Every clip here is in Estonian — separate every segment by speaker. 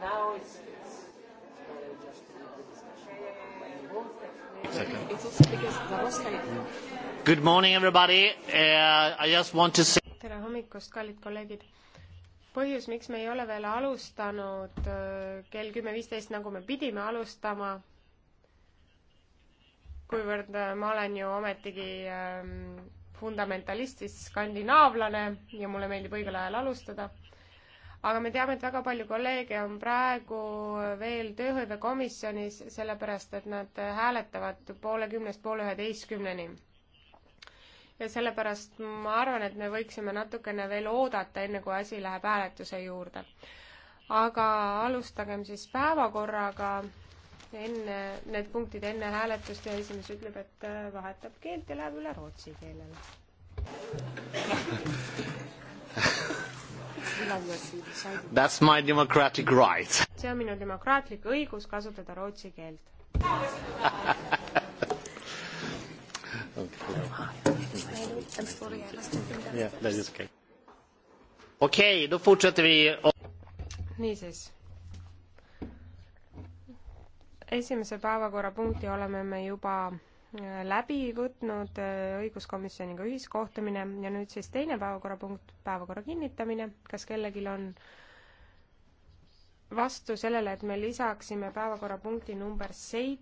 Speaker 1: right now it's, it's, it's better just to leave the discussion. When you move, Second.
Speaker 2: It's also because that was kind of...
Speaker 1: Good morning, everybody. Uh, I just want to say...
Speaker 2: tere hommikust, kallid kolleegid! põhjus, miks me ei ole veel alustanud äh, kell kümme viisteist, nagu me pidime alustama, kuivõrd äh, ma olen ju ometigi ähm, fundamentalist, siis skandinaavlane ja mulle meeldib õigel ajal alustada aga me teame, et väga palju kolleege on praegu veel tööhõivekomisjonis, sellepärast et nad hääletavad poole kümnest poole üheteistkümneni. ja sellepärast ma arvan, et me võiksime natukene veel oodata, enne kui asi läheb hääletuse juurde. aga alustagem siis päevakorraga, enne, need punktid enne hääletust ja esimees ütleb, et äh, vahetab keelt ja läheb üle rootsi keelele
Speaker 1: That's my democratic right.
Speaker 2: see on minu demokraatlik õigus kasutada rootsi keelt
Speaker 1: Okej, då fortsätter vi.
Speaker 2: Niisiis. esimese päevakorrapunkti oleme me juba läbi võtnud, äh, õiguskomisjoniga ühiskohtumine ja nüüd siis teine päevakorrapunkt, päevakorra kinnitamine. kas kellelgi on vastu sellele, et me lisaksime päevakorrapunkti number seitse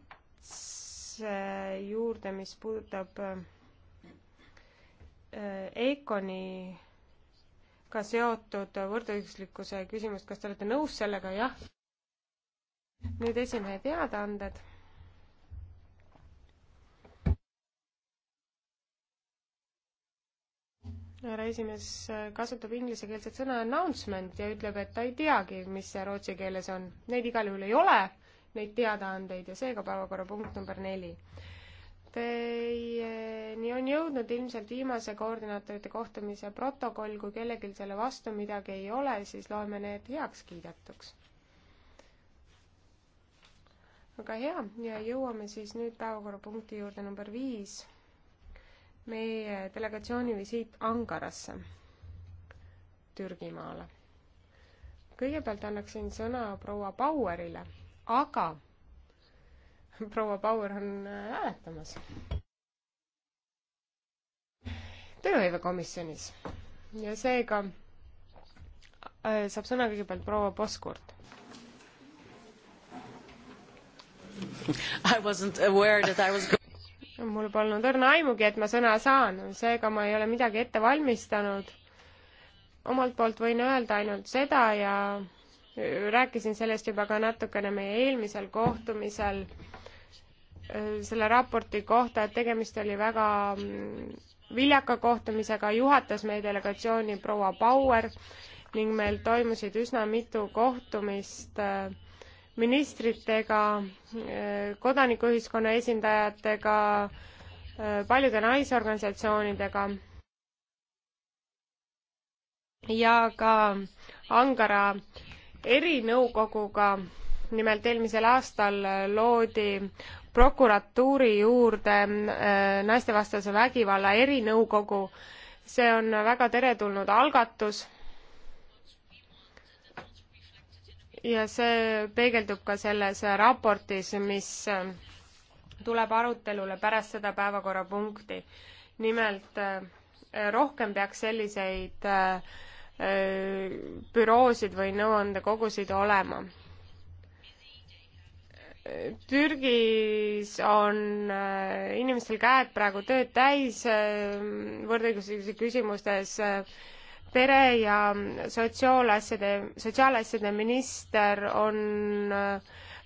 Speaker 2: juurde, mis puudutab äh, EKONiga seotud võrdõiguslikkuse küsimust, kas te olete nõus sellega, jah? nüüd esimehe teadaanded härra esimees kasutab inglisekeelset sõna announcement ja ütleb, et ta ei teagi, mis see rootsi keeles on. Neid igal juhul ei ole, neid teadaandeid ja seega päevakorrapunkt number neli. Teieni on jõudnud ilmselt viimase koordinaatorite kohtumise protokoll, kui kellelgi selle vastu midagi ei ole, siis loeme need heaks kiidetuks. väga hea ja jõuame siis nüüd päevakorrapunkti juurde number viis meie delegatsiooni visiit Ankarasse, Türgimaale. kõigepealt annaksin sõna proua Bauerile, aga proua Bauer on äh, hääletamas. tööhõivekomisjonis ja seega äh, saab sõna kõigepealt proua Poskurt
Speaker 1: I wasn't aware that I
Speaker 2: was mul polnud õrna aimugi, et ma sõna saan, seega ma ei ole midagi ette valmistanud. omalt poolt võin öelda ainult seda ja rääkisin sellest juba ka natukene meie eelmisel kohtumisel äh, selle raporti kohta, et tegemist oli väga mm, viljaka kohtumisega, juhatas meie delegatsiooni proua Bauer ning meil toimusid üsna mitu kohtumist äh, ministritega, kodanikuühiskonna esindajatega, paljude naisorganisatsioonidega ja ka Angara erinõukoguga. nimelt eelmisel aastal loodi prokuratuuri juurde äh, naistevastase vägivalla erinõukogu. see on väga teretulnud algatus ja see peegeldub ka selles raportis, mis äh, tuleb arutelule pärast seda päevakorrapunkti. nimelt äh, rohkem peaks selliseid äh, büroosid või nõuandekogusid olema. Türgis on inimestel käed praegu tööd täis võrdõiguslikkuse küsimustes äh, pere- ja sotsiaalasjade, sotsiaalasjade minister on äh,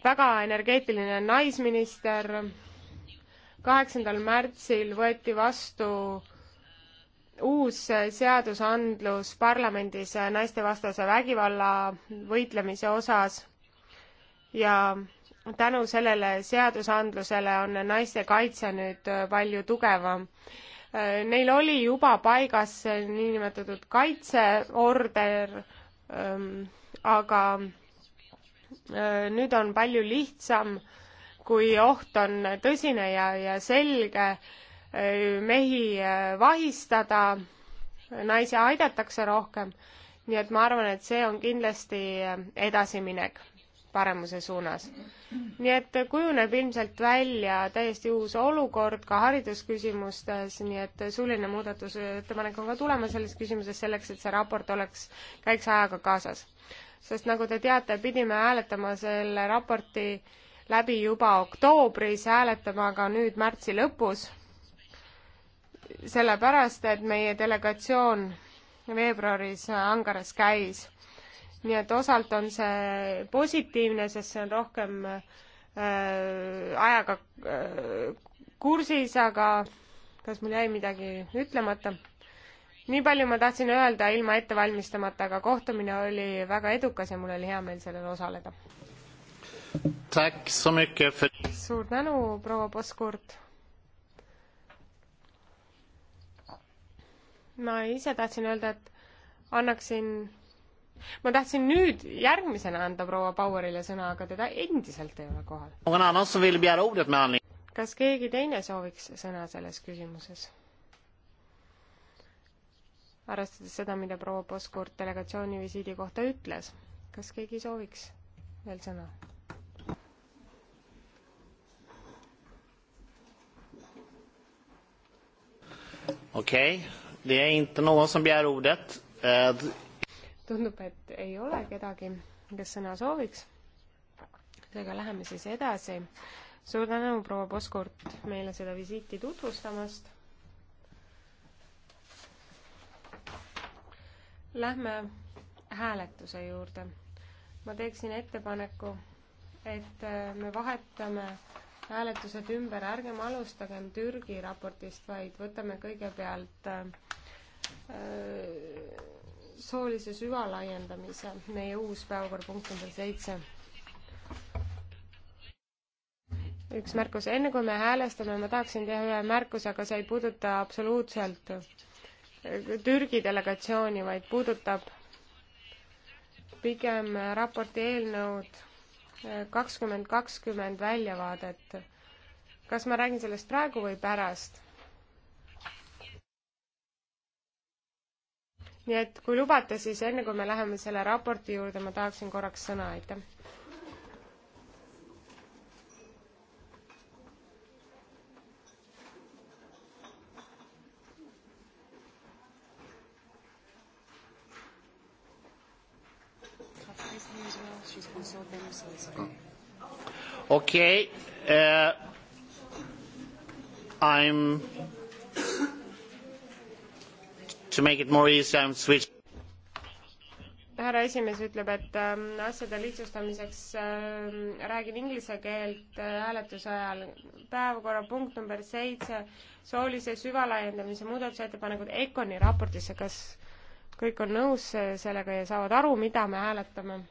Speaker 2: väga energeetiline naisminister. kaheksandal märtsil võeti vastu uus seadusandlus parlamendis naistevastase vägivalla võitlemise osas ja tänu sellele seadusandlusele on naiste kaitse nüüd palju tugevam Neil oli juba paigas niinimetatud kaitseorder, ähm, aga äh, nüüd on palju lihtsam, kui oht on tõsine ja, ja selge, äh, mehi äh, vahistada, naisi aidatakse rohkem. nii et ma arvan, et see on kindlasti edasiminek paremuse suunas. nii et kujuneb ilmselt välja täiesti uus olukord ka haridusküsimustes, nii et suuline muudatusettepanek on ka tulemas selles küsimuses selleks, et see raport oleks, käiks ajaga kaasas. sest nagu te teate, pidime hääletama selle raporti läbi juba oktoobris, hääletama ka nüüd märtsi lõpus, sellepärast et meie delegatsioon veebruaris Ankaras käis nii et osalt on see positiivne, sest see on rohkem äh, ajaga äh, kursis, aga kas mul jäi midagi ütlemata? nii palju ma tahtsin öelda ilma ette valmistamata, aga kohtumine oli väga edukas ja mul oli hea meel sellel osaleda. suur tänu, proua Poskurt. ma ise tahtsin öelda, et annaksin ma tahtsin nüüd järgmisena anda proua Bauerile sõna, aga teda endiselt ei ole
Speaker 1: kohal.
Speaker 2: kas keegi teine sooviks sõna selles küsimuses? arvestades seda, mida proua Poskurt delegatsiooni visiidi kohta ütles, kas keegi sooviks veel sõna?
Speaker 1: okei okay., det är inte någon som begär ordet. Eh,
Speaker 2: tundub, et ei ole kedagi, kes sõna sooviks. seega läheme siis edasi. suur tänu, proua Poskurt, meile seda visiiti tutvustamast. Lähme hääletuse juurde. ma teeksin ettepaneku, et me vahetame hääletused ümber, ärgem alustagem Türgi raportist, vaid võtame kõigepealt äh, soolise süvalaiendamise, meie uus päevakorrapunkt number seitse. üks märkus, enne kui me häälestame, ma tahaksin teha ühe märkuse, aga see ei puuduta absoluutselt Türgi delegatsiooni, vaid puudutab pigem raporti eelnõud eh, kakskümmend kakskümmend väljavaadet. kas ma räägin sellest praegu või pärast? nii et kui lubate, siis enne kui me läheme selle raporti juurde, ma tahaksin korraks sõna, aitäh.
Speaker 1: okei okay, uh,, I m to make it more easy I am um, switching
Speaker 2: härra esimees ütleb, et äh, asjade lihtsustamiseks äh, räägin inglise keelt äh, hääletuse äh, ajal. päevakorrapunkt number seitse, soolise süvalaiendamise muudatusettepanekud EKONi raportisse, kas kõik on nõus äh, sellega ja saavad aru, mida me hääletame?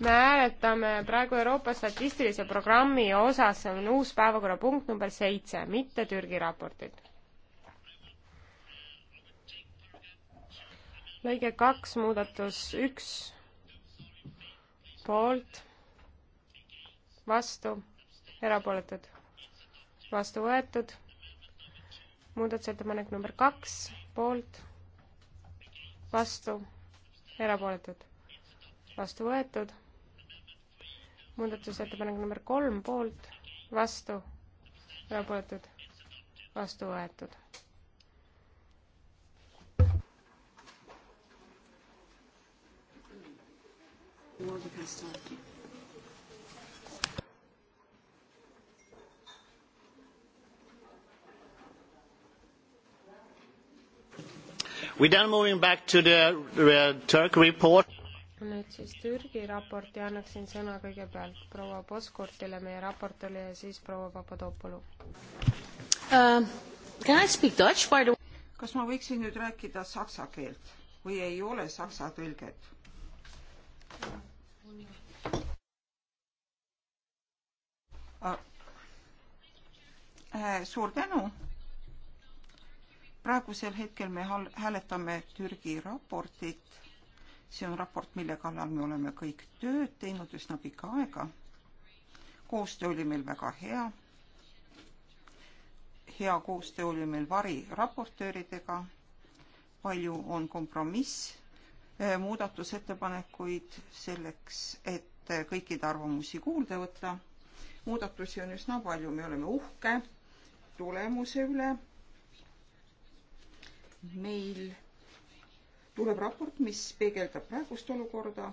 Speaker 2: me hääletame praegu Euroopa statistilise programmi osas, see on uus päevakorrapunkt number seitse, mitte Türgi raportid. lõige kaks, muudatus üks, poolt, vastu, erapooletud, vastu võetud, muudatusettepanek number kaks, poolt, vastu, erapooletud, vastu võetud muudatusettepanek number kolm poolt, vastu, erapooletud, vastu võetud.
Speaker 1: We then moving back to the, the uh, Turk report
Speaker 2: nüüd siis Türgi raporti annaksin sõna kõigepealt proua Poskurtile, meie raportile ja siis proua Papadopoulou
Speaker 3: uh,. kas ma võiksin nüüd rääkida saksa keelt või ei ole saksa tõlget? Ah. Eh, suur tänu. praegusel hetkel me hääletame Türgi raportit see on raport, mille kallal me oleme kõik tööd teinud üsna pikka aega. koostöö oli meil väga hea. hea koostöö oli meil variraportööridega. palju on kompromiss eh, muudatusettepanekuid selleks, et eh, kõikide arvamusi kuulda võtta. muudatusi on üsna palju, me oleme uhke tulemuse üle. meil tuleb raport, mis peegeldab praegust olukorda.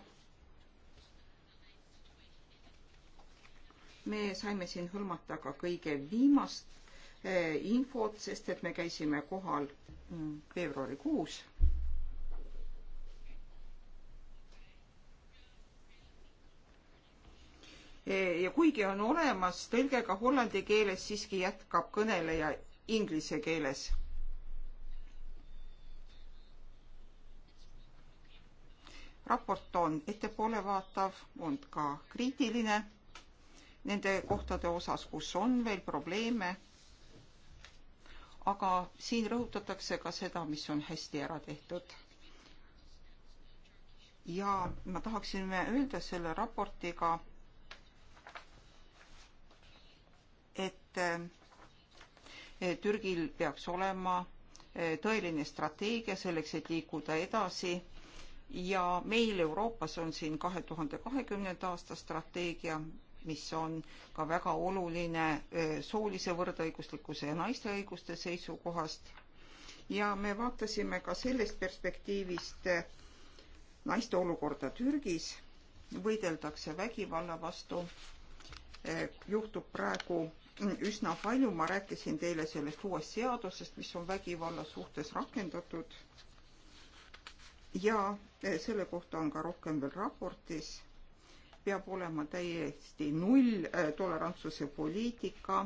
Speaker 3: me saime siin hõlmata ka kõige viimast eh, infot, sest et me käisime kohal mm, veebruarikuus. Eh, ja kuigi on olemas tõlge ka hollandi keeles, siiski jätkab kõneleja inglise keeles raport on ettepoole vaatav, on ka kriitiline nende kohtade osas, kus on veel probleeme. aga siin rõhutatakse ka seda, mis on hästi ära tehtud. ja ma tahaksin öelda selle raportiga, et eh, Türgil peaks olema eh, tõeline strateegia selleks, et liikuda edasi ja meil Euroopas on siin kahe tuhande kahekümnenda aasta strateegia, mis on ka väga oluline soolise võrdõiguslikkuse ja naiste õiguste seisukohast. ja me vaatasime ka sellest perspektiivist naiste olukorda Türgis, võideldakse vägivalla vastu, juhtub praegu üsna palju, ma rääkisin teile sellest uuest seadusest, mis on vägivalla suhtes rakendatud ja eh, selle kohta on ka rohkem veel raportis. peab olema täiesti null eh, tolerantsuse poliitika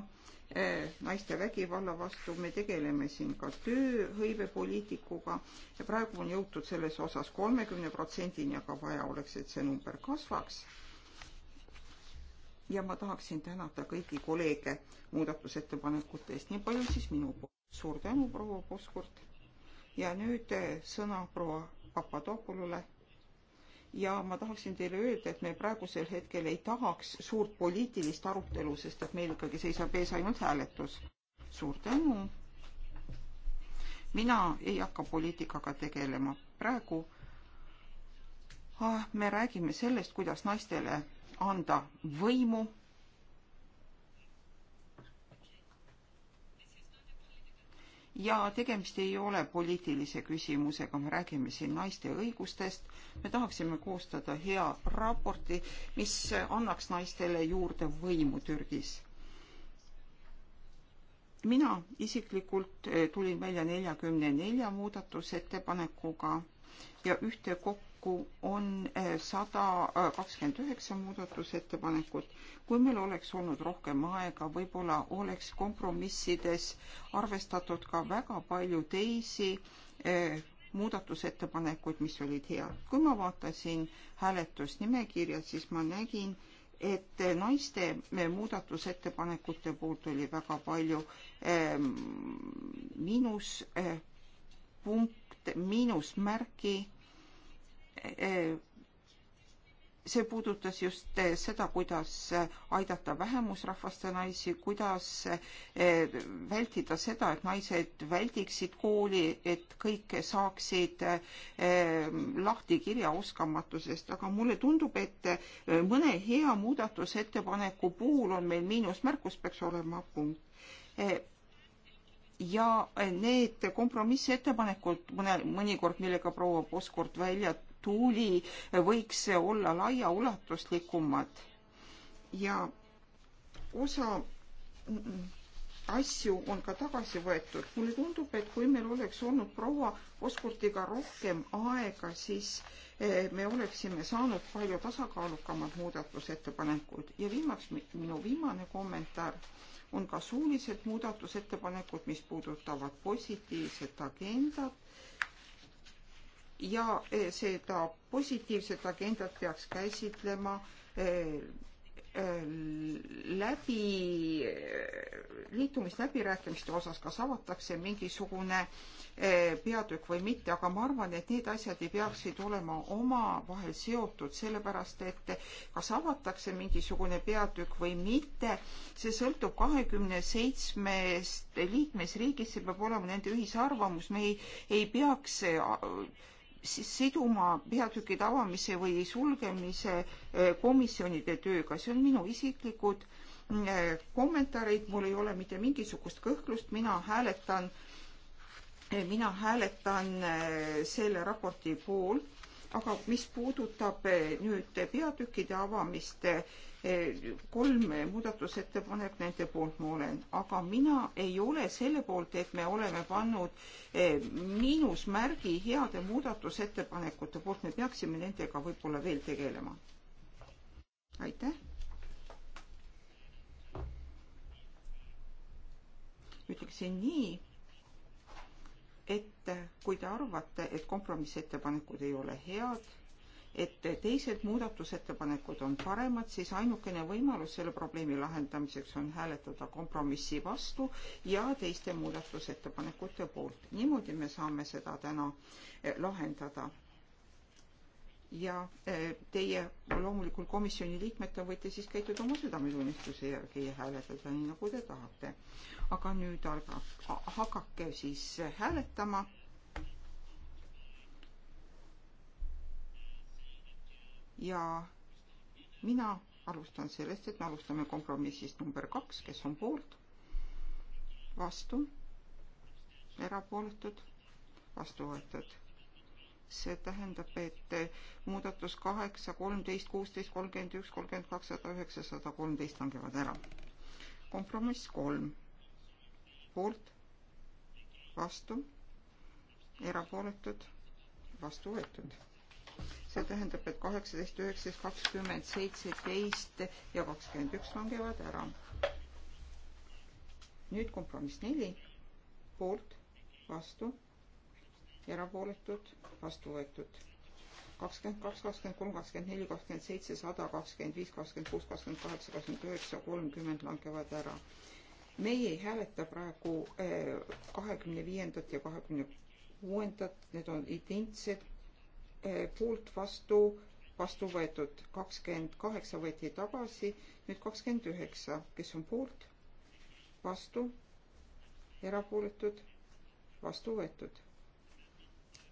Speaker 3: eh, naiste vägivalla vastu, me tegeleme siin ka tööhõivepoliitikuga ja praegu on jõutud selles osas kolmekümne protsendini, aga vaja oleks, et see number kasvaks. ja ma tahaksin tänada kõiki kolleege muudatusettepanekute eest, nii palju siis minu poolt. suur tänu, proua Poskurt. ja nüüd sõna proua Papadopolule ja ma tahaksin teile öelda, et me praegusel hetkel ei tahaks suurt poliitilist arutelu, sest et meil ikkagi seisab ees ainult hääletus. suur tänu. mina ei hakka poliitikaga tegelema praegu ah,. me räägime sellest, kuidas naistele anda võimu ja tegemist ei ole poliitilise küsimusega, me räägime siin naiste õigustest. me tahaksime koostada hea raporti, mis annaks naistele juurde võimu Türgis. mina isiklikult eh, tulin välja neljakümne nelja muudatusettepanekuga ja ühtekokku kokku on eh, sada eh, kakskümmend üheksa muudatusettepanekut. kui meil oleks olnud rohkem aega, võib-olla oleks kompromissides arvestatud ka väga palju teisi eh, muudatusettepanekuid, mis olid head. kui ma vaatasin hääletusnimekirja, siis ma nägin, et naiste muudatusettepanekute poolt oli väga palju ehm, miinuspunkte, miinusmärki Eh, see puudutas just eh, seda, kuidas eh, aidata vähemusrahvaste naisi, kuidas vältida seda, et naised väldiksid kooli, et kõik saaksid lahti kirjaoskamatusest, aga mulle tundub, et mõne hea muudatusettepaneku puhul on meil miinusmärkus, peaks olema punkt ja need kompromissettepanekud mõne, mõnikord, millega proua Poskord välja tuli võiks olla laiaulatuslikumad ja osa asju on ka tagasi võetud. mulle tundub, et kui meil oleks olnud proua Oskurtiga rohkem aega, siis eh, me oleksime saanud palju tasakaalukamad muudatusettepanekud ja viimaks minu viimane kommentaar on ka suulised muudatusettepanekud, mis puudutavad positiivset agendat ja eh, seda positiivset agendat peaks käsitlema eh, eh, läbi, liitumisläbirääkimiste osas, kas avatakse mingisugune peatükk või mitte, aga ma arvan, et need asjad ei peaksid olema omavahel seotud, sellepärast et kas avatakse mingisugune peatükk või mitte, see sõltub kahekümne seitsmest liikmesriigist, see peab olema nende ühisarvamus, me ei, ei peaks siduma peatükid avamise või sulgemise eh, komisjonide tööga, see on minu isiklikud eh, kommentaarid, mul ei ole mitte mingisugust kõhklust, mina hääletan, eh, mina hääletan selle raporti poolt, aga mis puudutab nüüd peatükkide avamist kolm muudatusettepanek nende poolt ma olen, aga mina ei ole selle poolt, et me oleme pannud eh, miinusmärgi heade muudatusettepanekute poolt, me peaksime nendega võib-olla veel tegelema. aitäh. ütleksin nii, et kui te arvate, et kompromissettepanekud ei ole head et teised muudatusettepanekud on paremad, siis ainukene võimalus selle probleemi lahendamiseks on hääletada kompromissi vastu ja teiste muudatusettepanekute poolt. niimoodi me saame seda täna eh, lahendada. ja eh, teie loomulikult komisjoni liikmetena võite siis käituda oma südametunnistuse järgi ja hääletada nii, nagu te tahate. aga nüüd alga-, hakake siis hääletama ja mina alustan sellest, et me alustame kompromissist number kaks, kes on poolt, vastu, erapooletud, vastu võetud. see tähendab, et muudatus kaheksa, kolmteist, kuusteist, kolmkümmend üks, kolmkümmend kaks, sada üheksa, sada kolmteist langevad ära. kompromiss kolm, poolt, vastu, erapooletud, vastu võetud see tähendab, et kaheksateist, üheksateist, kakskümmend, seitseteist ja kakskümmend üks langevad ära. nüüd kompromiss neli, poolt, vastu, erapooletud, vastu võetud kakskümmend kaks, kakskümmend kolm, kakskümmend neli, kakskümmend seitse, sada, kakskümmend viis, kakskümmend kuus, kakskümmend kaheksa, kakskümmend üheksa, kolmkümmend langevad ära. meie ei hääleta praegu eh, kahekümne viiendat ja kahekümne kuuendat, need on identsed, Eh, poolt vastu, vastu võetud, kakskümmend kaheksa võeti tagasi, nüüd kakskümmend üheksa, kes on poolt, vastu, erapooletud, vastu võetud.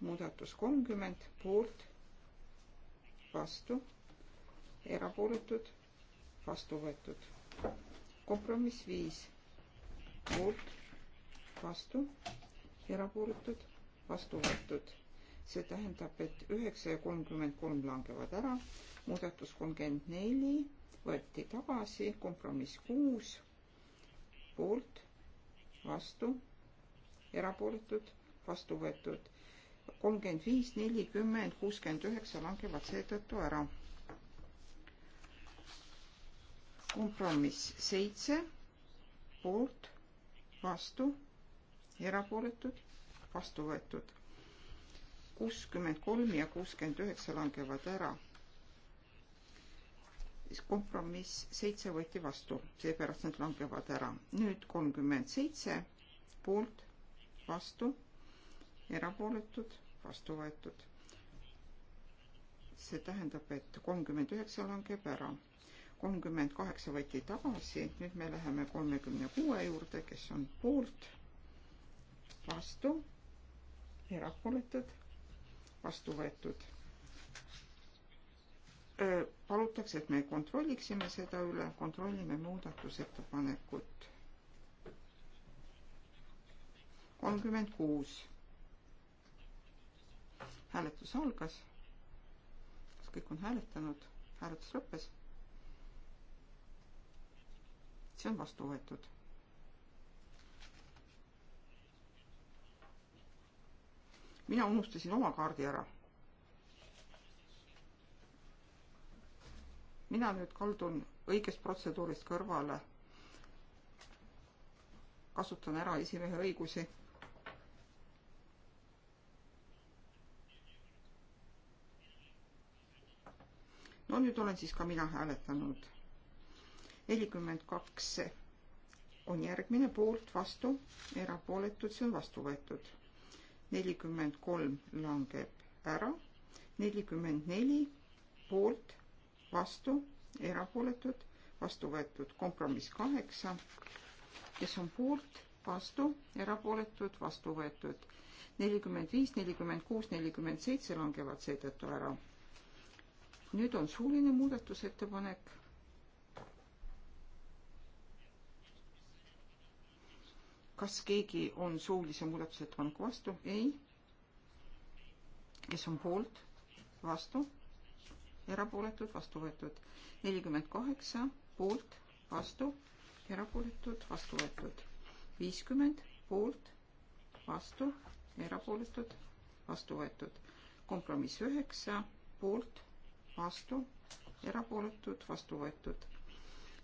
Speaker 3: muudatus kolmkümmend, poolt, vastu, erapooletud, vastu võetud. kompromiss viis, poolt, vastu, erapooletud, vastu võetud see tähendab, et üheksa ja kolmkümmend kolm langevad ära, muudatus kolmkümmend neli võeti tagasi, kompromiss kuus, poolt, vastu, erapooletud, vastu võetud, kolmkümmend viis, nelikümmend, kuuskümmend üheksa langevad seetõttu ära. kompromiss seitse, poolt, vastu, erapooletud, vastu võetud kuuskümmend kolm ja kuuskümmend üheksa langevad ära. siis kompromiss seitse võeti vastu, seepärast nad langevad ära. nüüd kolmkümmend seitse poolt, vastu, erapooletud, vastu võetud. see tähendab, et kolmkümmend üheksa langeb ära. kolmkümmend kaheksa võeti tagasi, nüüd me läheme kolmekümne kuue juurde, kes on poolt, vastu erapooletud vastu võetud. palutakse, et me kontrolliksime seda üle, kontrollime muudatusettepanekut. kolmkümmend kuus. hääletus algas. kas kõik on hääletanud? hääletus lõppes. see on vastu võetud mina unustasin oma kaardi ära. mina nüüd kaldun õigest protseduurist kõrvale. kasutan ära esimehe õigusi no nüüd olen siis ka mina hääletanud. nelikümmend kaks on järgmine poolt, vastu, erapooletud, see on vastu võetud nelikümmend kolm langeb ära, nelikümmend neli poolt, vastu, erapooletud, vastu võetud kompromiss kaheksa, kes on poolt, vastu, erapooletud, vastu võetud nelikümmend viis, nelikümmend kuus, nelikümmend seitse langevad seetõttu ära. nüüd on suuline muudatusettepanek kas keegi on suulise muudatusettepaneku vastu? ei. kes on poolt? vastu? erapooletud, vastu võetud. nelikümmend kaheksa poolt, vastu, erapooletud, vastu võetud. viiskümmend poolt, vastu, erapooletud, vastu võetud. kompromiss üheksa poolt, vastu, erapooletud, vastu võetud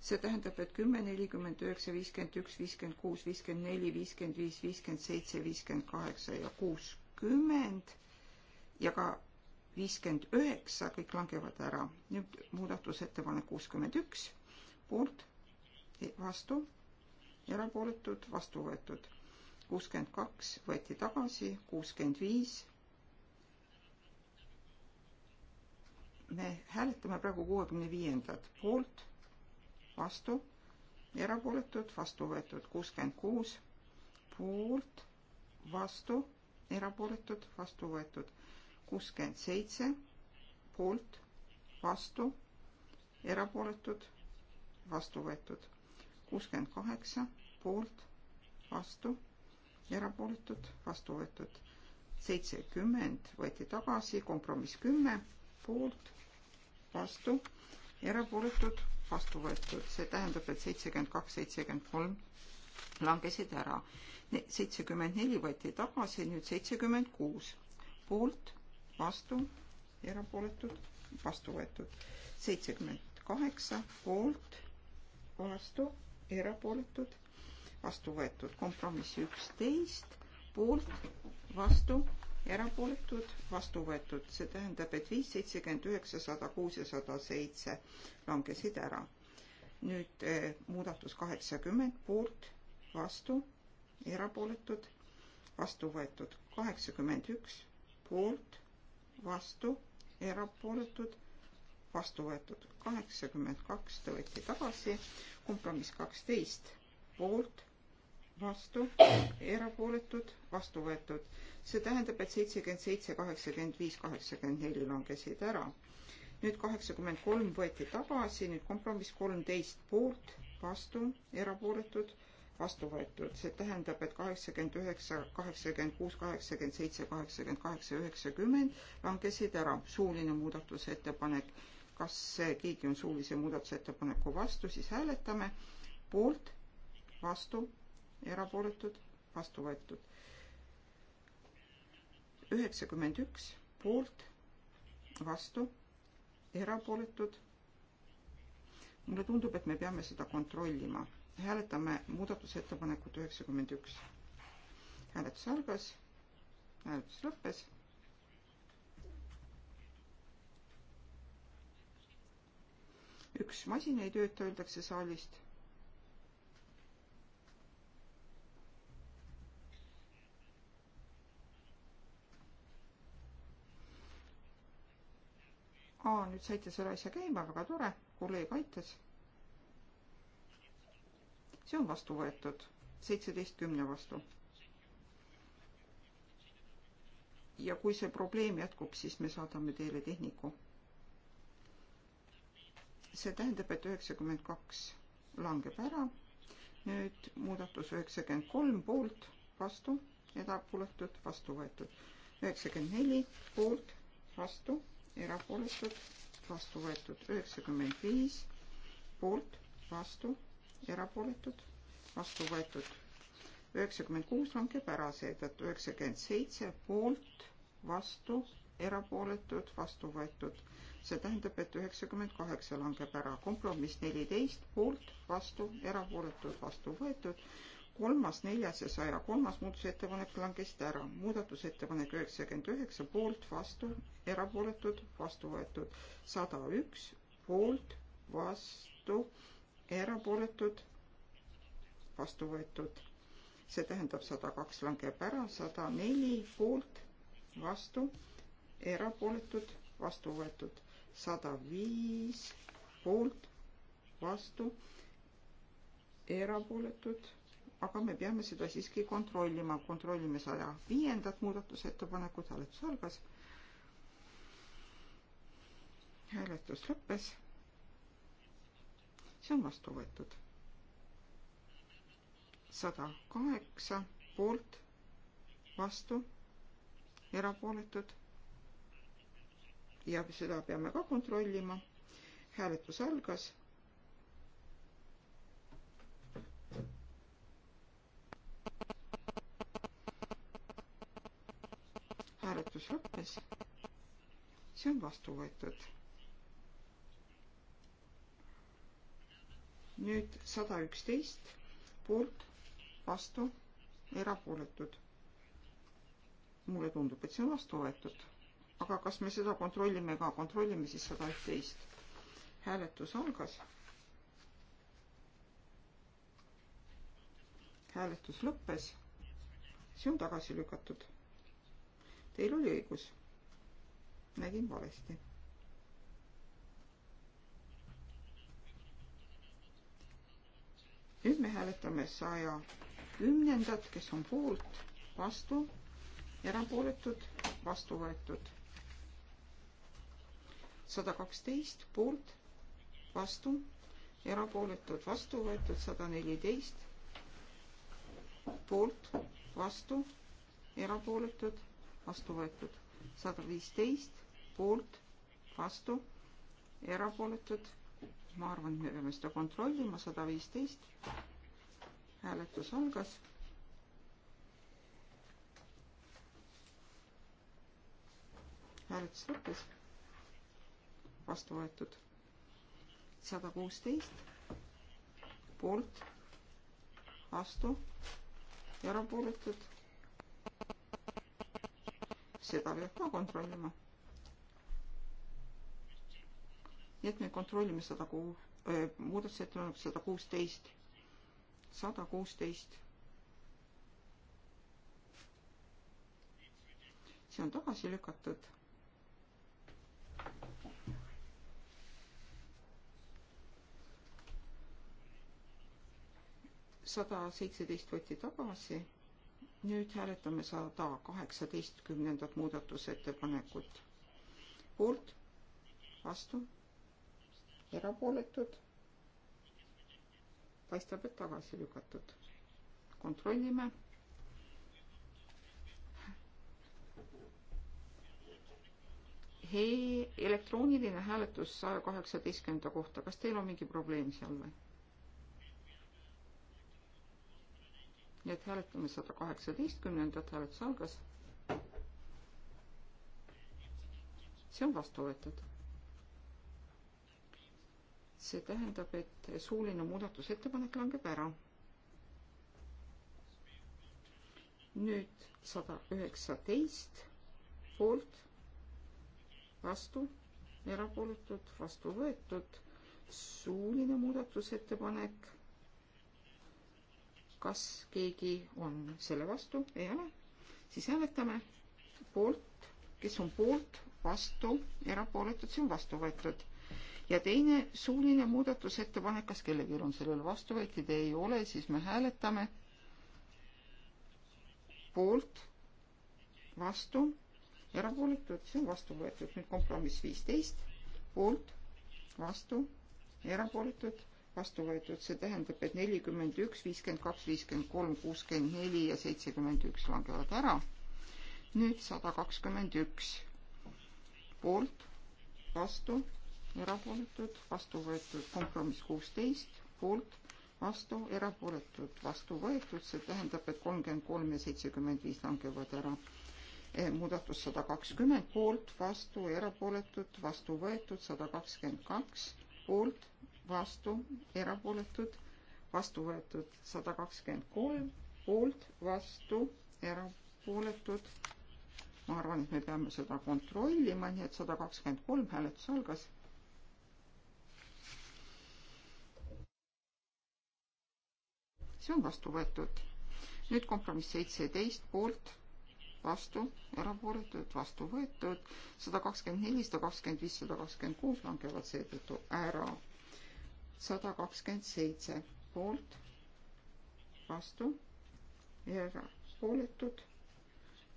Speaker 3: see tähendab, et kümme, nelikümmend üheksa, viiskümmend üks, viiskümmend kuus, viiskümmend neli, viiskümmend viis, viiskümmend seitse, viiskümmend kaheksa ja kuuskümmend ja ka viiskümmend üheksa, kõik langevad ära. nüüd muudatusettepanek kuuskümmend üks, poolt, vastu, erapooletud, vastu võetud. kuuskümmend kaks võeti tagasi, kuuskümmend viis me hääletame praegu kuuekümne viiendat poolt, vastu, erapooletud, vastu võetud kuuskümmend kuus, poolt, vastu, erapooletud, vastu võetud kuuskümmend seitse, poolt, vastu, erapooletud, vastu võetud kuuskümmend kaheksa, poolt, vastu, erapooletud, vastu võetud seitsekümmend, võeti tagasi, kompromiss kümme, poolt, vastu, erapooletud, vastu võetud, see tähendab, et seitsekümmend kaks, seitsekümmend kolm langesid ära. seitsekümmend neli võeti tagasi, nüüd seitsekümmend kuus poolt, vastu, erapooletud, vastu võetud. seitsekümmend kaheksa poolt, vastu, erapooletud, vastu võetud. kompromiss üksteist poolt, vastu erapooletud, vastu võetud, see tähendab, et viis, seitsekümmend üheksa, sada kuus ja sada seitse langesid ära. nüüd eh, muudatus kaheksakümmend poolt, vastu, erapooletud, vastu võetud, kaheksakümmend üks poolt, vastu, erapooletud, vastu võetud, kaheksakümmend kaks ta võeti tagasi, kompromiss kaksteist poolt vastu, erapooletud, vastu võetud. see tähendab, et seitsekümmend seitse, kaheksakümmend viis, kaheksakümmend neli langesid ära. nüüd kaheksakümmend kolm võeti tagasi, nüüd kompromiss kolmteist poolt, vastu, erapooletud, vastu võetud. see tähendab, et kaheksakümmend üheksa, kaheksakümmend kuus, kaheksakümmend seitse, kaheksakümmend kaheksa, üheksakümmend langesid ära. suuline muudatusettepanek. kas keegi on suulise muudatusettepaneku vastu, siis hääletame poolt, vastu erapooletud, vastu võetud. üheksakümmend üks poolt, vastu, erapooletud. mulle tundub, et me peame seda kontrollima. hääletame muudatusettepanekut üheksakümmend üks. hääletus algas, hääletus lõppes üks masin ei tööta, öeldakse saalist. aa, nüüd saite selle asja käima, väga tore, kolleeg aitas. see on vastu võetud, seitseteist kümne vastu. ja kui see probleem jätkub, siis me saadame teile tehniku. see tähendab, et üheksakümmend kaks langeb ära. nüüd muudatus üheksakümmend kolm poolt, vastu, edapooletud, vastu võetud. üheksakümmend neli poolt, vastu erapooletud, vastu võetud üheksakümmend viis, poolt, vastu, erapooletud, vastu võetud üheksakümmend kuus langeb ära, seetõttu üheksakümmend seitse poolt, vastu, erapooletud, vastu võetud. see tähendab, et üheksakümmend kaheksa langeb ära, kompromiss neliteist poolt, vastu, erapooletud, vastu võetud kolmas, neljas ja saja kolmas muudatusettepanek langesid ära. muudatusettepanek üheksakümmend üheksa poolt, vastu, erapooletud, vastu võetud. sada üks poolt, vastu, erapooletud, vastu võetud. see tähendab sada kaks langeb ära, sada neli poolt, vastu, erapooletud, vastu võetud. sada viis poolt, vastu, erapooletud aga me peame seda siiski kontrollima. kontrollime saja viiendat muudatusettepanekut, hääletus algas. hääletus lõppes. see on vastu võetud. sada kaheksa poolt, vastu, erapooletud. ja seda peame ka kontrollima. hääletus algas hääletus lõppes. see on vastu võetud. nüüd sada üksteist poolt, vastu, erapooletud. mulle tundub, et see on vastu võetud. aga kas me seda kontrollime ka, kontrollime siis sada üksteist. hääletus algas hääletus lõppes, see on tagasi lükatud. Teil oli õigus. nägin valesti. nüüd me hääletame saja kümnendat, kes on poolt, vastu, erapooletud, vastu võetud. sada kaksteist poolt, vastu, erapooletud, vastu võetud, sada neliteist poolt, vastu, erapooletud vastu võetud. sada viisteist poolt, vastu, erapooletud. ma arvan, et me peame seda kontrollima, sada viisteist. hääletus algas. hääletus lõppes. vastu võetud. sada kuusteist poolt, vastu, erapooletud seda peab ka kontrollima. nii et me kontrollime sada kuus, muudatusettepanek sada kuusteist, sada kuusteist. see on tagasi lükatud sada seitseteist võeti tagasi nüüd hääletame sada kaheksateistkümnendat muudatusettepanekut. poolt, vastu, erapooletud. paistab, et tagasi lükatud. kontrollime. ei, elektrooniline hääletus saja kaheksateistkümnenda kohta, kas teil on mingi probleem seal või? nii et hääletame sada kaheksateistkümnendat, hääletus algas. see on vastu võetud. see tähendab, et suuline muudatusettepanek langeb ära. nüüd sada üheksateist poolt, vastu, erapooletud, vastu võetud, suuline muudatusettepanek kas keegi on selle vastu, ei ole, siis hääletame poolt, kes on poolt, vastu, erapooletud, see on vastu võetud. ja teine suuline muudatusettepanek, kas kellelgi on sellele vastu võetud, ei ole, siis me hääletame poolt, vastu, erapooletud, see on vastu võetud. nüüd kompromiss viisteist, poolt, vastu, erapooletud vastu võetud, see tähendab, et nelikümmend üks, viiskümmend kaks, viiskümmend kolm, kuuskümmend neli ja seitsekümmend üks langevad ära. nüüd sada kakskümmend üks poolt, vastu, erapooletud, vastu võetud, kompromiss kuusteist, poolt, vastu, erapooletud, vastu võetud, see tähendab, et kolmkümmend kolm ja seitsekümmend viis langevad ära eh, muudatus sada kakskümmend poolt, vastu erapooletud, vastu võetud sada kakskümmend kaks poolt, vastu, erapooletud, vastu võetud sada kakskümmend kolm, poolt, vastu, erapooletud. ma arvan, et me peame seda kontrollima, nii et sada kakskümmend kolm hääletus algas. see on vastu võetud. nüüd kompromiss seitseteist poolt vastu, erapooletud, vastu võetud, sada kakskümmend neli, sada kakskümmend viis, sada kakskümmend kuus langevad seetõttu ära. sada kakskümmend seitse poolt, vastu, erapooletud.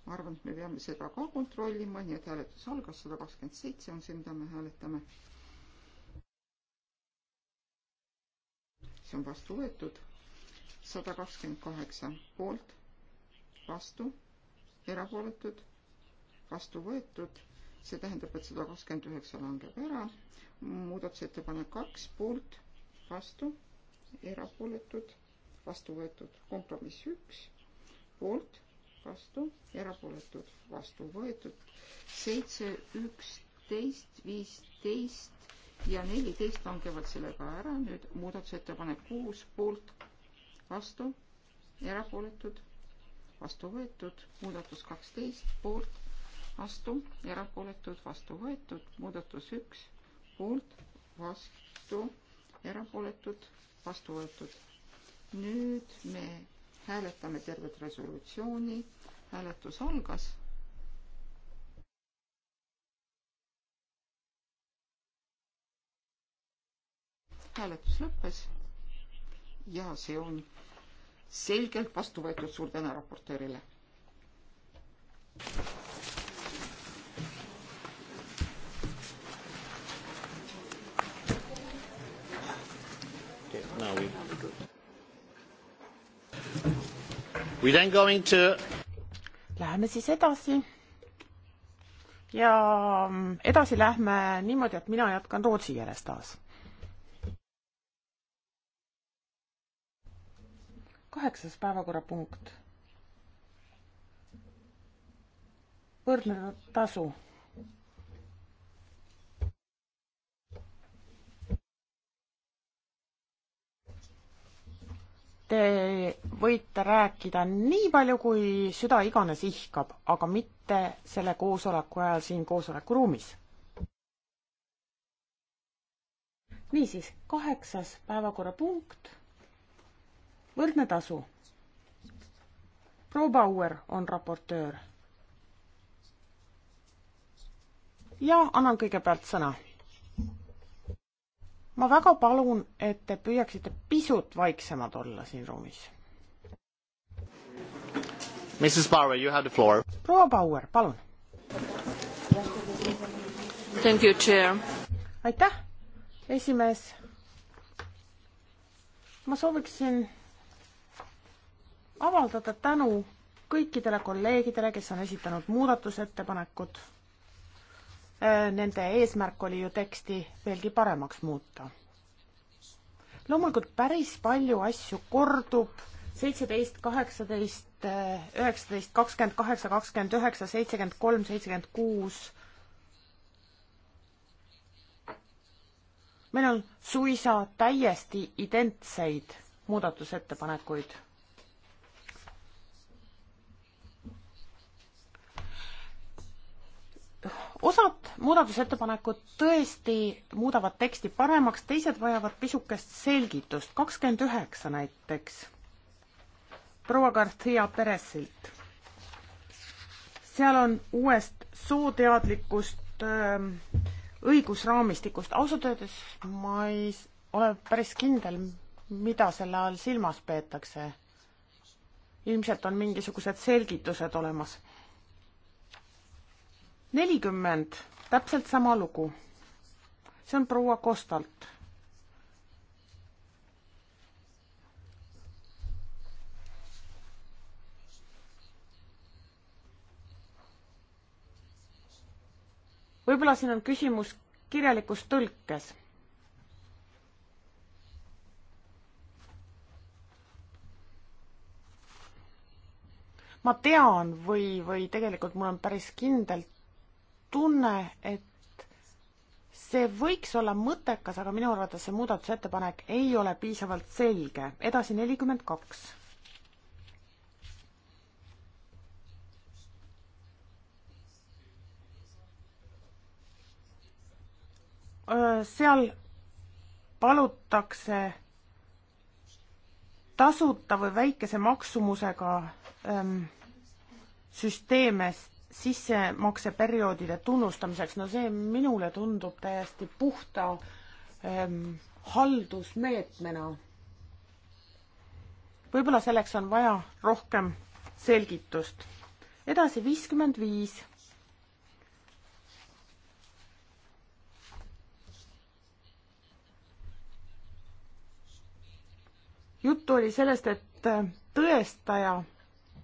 Speaker 3: ma arvan, et me peame seda ka kontrollima, nii et hääletus algas, sada kakskümmend seitse on see, mida me hääletame. see on vastu võetud, sada kakskümmend kaheksa poolt, vastu erapooletud, vastu võetud, see tähendab, et sada kakskümmend üheksa langeb ära, muudatusettepanek kaks, poolt, vastu, erapooletud, vastu võetud, kompromiss üks, poolt, vastu, erapooletud, vastu võetud, seitse, üksteist, viisteist ja neliteist langevad sellega ära, nüüd muudatusettepanek kuus, poolt, vastu, erapooletud vastu võetud, muudatus kaksteist poolt, vastu, erapooletud, vastu võetud, muudatus üks poolt, vastu, erapooletud, vastu võetud. nüüd me hääletame tervet resolutsiooni, hääletus algas hääletus lõppes ja see on selgelt vastu võetud, suur tänu raportöörile.
Speaker 4: Läheme siis edasi. ja mm, edasi lähme niimoodi, et mina jätkan Rootsi järjest taas kaheksas päevakorrapunkt. võrdne tasu. Te võite rääkida nii palju, kui süda iganes ihkab, aga mitte selle koosoleku ajal siin koosolekuruumis. niisiis, kaheksas päevakorrapunkt võrdne tasu. proua Bauer on raportöör. ja annan kõigepealt sõna. ma väga palun, et te püüaksite pisut vaiksemad olla siin ruumis.
Speaker 1: Mrs Bauer, you have the
Speaker 4: floor. proua Bauer, palun. Thank you, chair. aitäh, esimees. ma sooviksin avaldada tänu kõikidele kolleegidele, kes on esitanud muudatusettepanekud. Äh, nende eesmärk oli ju teksti veelgi paremaks muuta. loomulikult päris palju asju kordub, seitseteist, kaheksateist, äh, üheksateist, kakskümmend kaheksa, kakskümmend üheksa, seitsekümmend kolm, seitsekümmend kuus. meil on suisa täiesti identseid muudatusettepanekuid osad muudatusettepanekud tõesti muudavad teksti paremaks, teised vajavad pisukest selgitust, kakskümmend üheksa näiteks proua Garcia Peresilt. seal on uuest sooteadlikust ähm, õigusraamistikust, ausalt öeldes ma ei ole päris kindel, mida selle all silmas peetakse. ilmselt on mingisugused selgitused olemas nelikümmend, täpselt sama lugu. see on proua Kostalt. võib-olla siin on küsimus kirjalikus tõlkes ma tean või, või tegelikult mul on päris kindel tunne, et see võiks olla mõttekas, aga minu arvates see muudatusettepanek ei ole piisavalt selge. edasi nelikümmend kaks. seal palutakse tasuta või väikese maksumusega ähm, süsteemest sissemakseperioodide tunnustamiseks, no see minule tundub täiesti puhta ähm, haldusmeetmena. võib-olla selleks on vaja rohkem selgitust. edasi viiskümmend viis. juttu oli sellest, et tõestaja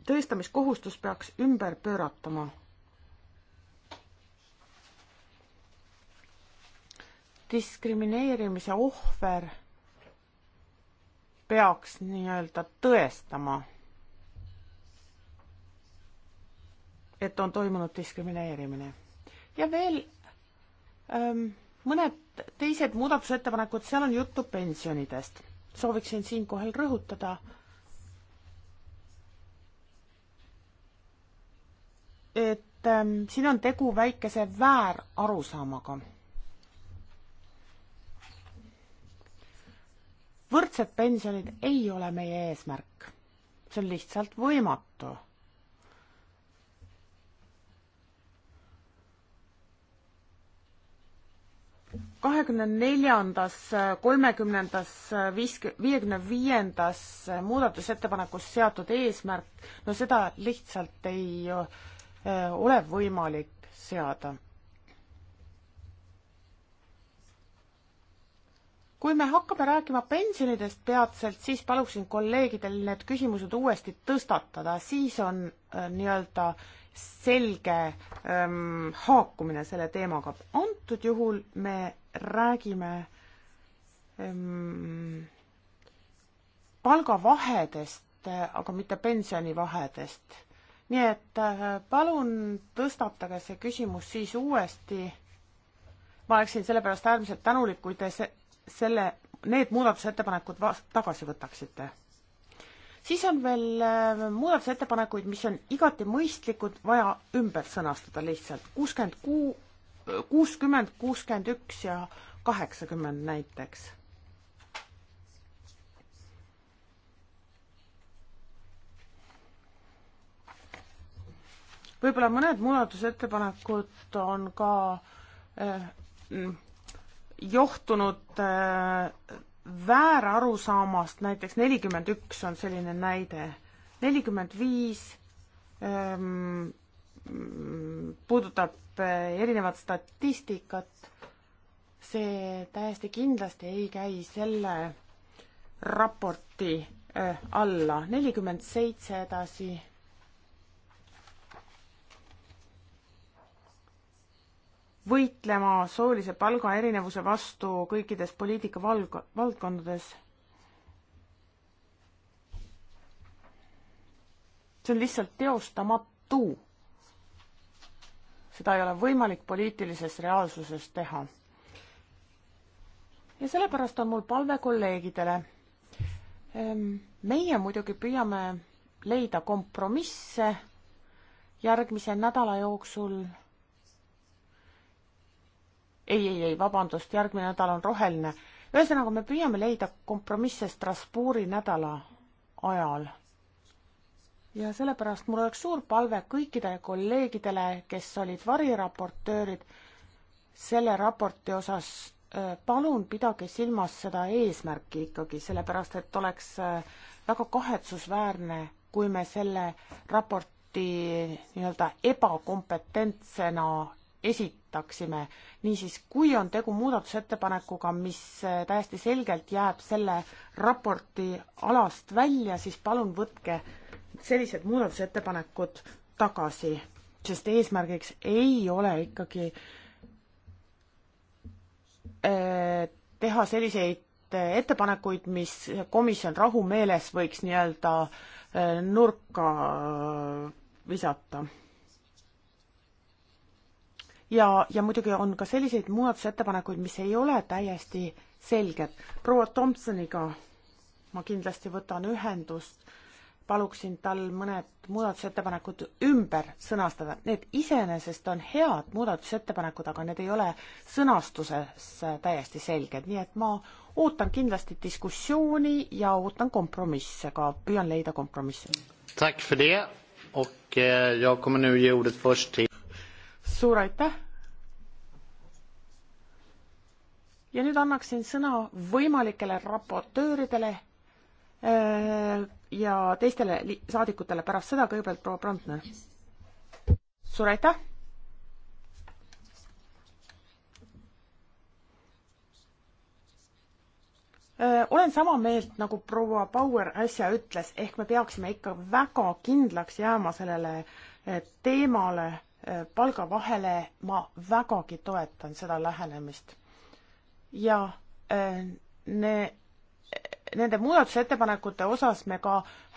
Speaker 4: tõestamiskohustus peaks ümber pööratama. diskrimineerimise ohver peaks nii-öelda tõestama, et on toimunud diskrimineerimine. ja veel ähm, mõned teised muudatusettepanekud, seal on juttu pensionidest. sooviksin siinkohal rõhutada äh, et ähm, siin on tegu väikese väärarusaamaga. võrdsed pensionid ei ole meie eesmärk, see on lihtsalt võimatu kahekümne neljandas, kolmekümnendas, viisk-, viiekümne viiendas muudatusettepanekus seatud eesmärk, no seda lihtsalt ei Äh, ole võimalik seada. kui me hakkame rääkima pensionidest peatselt, siis paluksin kolleegidel need küsimused uuesti tõstatada, siis on äh, nii-öelda selge ähm, haakumine selle teemaga. antud juhul me räägime ähm, palgavahedest, äh, aga mitte pensionivahedest nii et äh, palun tõstatage see küsimus siis uuesti. ma oleksin sellepärast äärmiselt tänulik, kui te se-, selle, need muudatusettepanekud vas-, tagasi võtaksite. siis on veel äh, muudatusettepanekuid, mis on igati mõistlikud, vaja ümber sõnastada lihtsalt. kuuskümmend kuu-, kuuskümmend, kuuskümmend üks ja kaheksakümmend näiteks võib-olla mõned muudatusettepanekud on ka eh, mm, johtunud eh, väärarusaamast, näiteks nelikümmend üks on selline näide, nelikümmend viis ehm, puudutab eh, erinevat statistikat, see täiesti kindlasti ei käi selle raporti eh, alla, nelikümmend seitse edasi võitlema soolise palgaerinevuse vastu kõikides poliitika valg-, valdkondades. see on lihtsalt teostamatu. seda ei ole võimalik poliitilises reaalsuses teha. ja sellepärast on mul palve kolleegidele. Ehm, meie muidugi püüame leida kompromisse järgmise nädala jooksul ei, ei, ei, vabandust, järgmine nädal on roheline. ühesõnaga, me püüame leida kompromisse Strasbourgi nädala ajal. ja sellepärast mul oleks suur palve kõikidele kolleegidele, kes olid variraportöörid selle raporti osas, äh, palun pidage silmas seda eesmärki ikkagi, sellepärast et oleks äh, väga kahetsusväärne, kui me selle raporti nii-öelda ebakompetentsena esitaksime. niisiis, kui on tegu muudatusettepanekuga, mis täiesti selgelt jääb selle raporti alast välja, siis palun võtke sellised muudatusettepanekud tagasi, sest eesmärgiks ei ole ikkagi äh, teha selliseid äh, ettepanekuid, mis komisjon rahumeeles võiks nii-öelda äh, nurka visata ja, ja muidugi on ka selliseid muudatusettepanekuid, mis ei ole täiesti selged. proua Tomsoniga ma kindlasti võtan ühendust, paluksin tal mõned muudatusettepanekud ümber sõnastada. Need iseenesest on head muudatusettepanekud, aga need ei ole sõnastuses täiesti selged, nii et ma ootan kindlasti diskussiooni ja ootan kompromisse ka, püüan leida kompromisse.
Speaker 1: Eh,
Speaker 4: suur aitäh ja nüüd annaksin sõna võimalikele raportööridele äh, ja teistele saadikutele pärast seda, kõigepealt proua Brandner. suur aitäh! Äh, olen sama meelt, nagu proua Bauer äsja ütles, ehk me peaksime ikka väga kindlaks jääma sellele äh, teemale, palgavahele, ma vägagi toetan seda lähenemist ja äh, ne, nende muudatusettepanekute osas me ka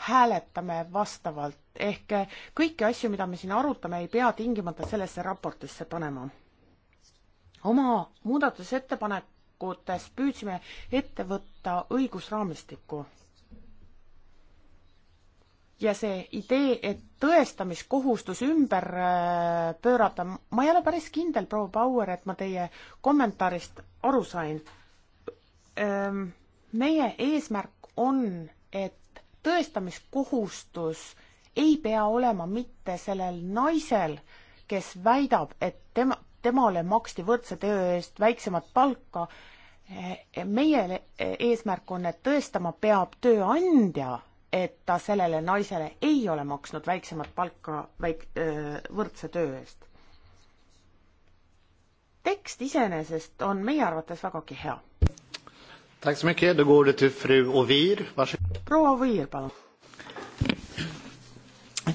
Speaker 4: hääletame vastavalt, ehk äh, kõiki asju, mida me siin arutame, ei pea tingimata sellesse raportisse panema. oma muudatusettepanekutes püüdsime ette võtta õigusraamistikku ja see idee, et tõestamiskohustus ümber äh, pöörata, ma ei ole päris kindel, proua Bauer, et ma teie kommentaarist aru sain. meie eesmärk on, et tõestamiskohustus ei pea olema mitte sellel naisel, kes väidab, et tema, temale maksti võrdse töö eest väiksemat palka. meie eesmärk on, et tõestama peab tööandja et ta sellele naisele ei ole maksnud väiksemat palka väik-, võrdse töö eest. tekst iseenesest on meie arvates vägagi hea. proua Oviir, palun.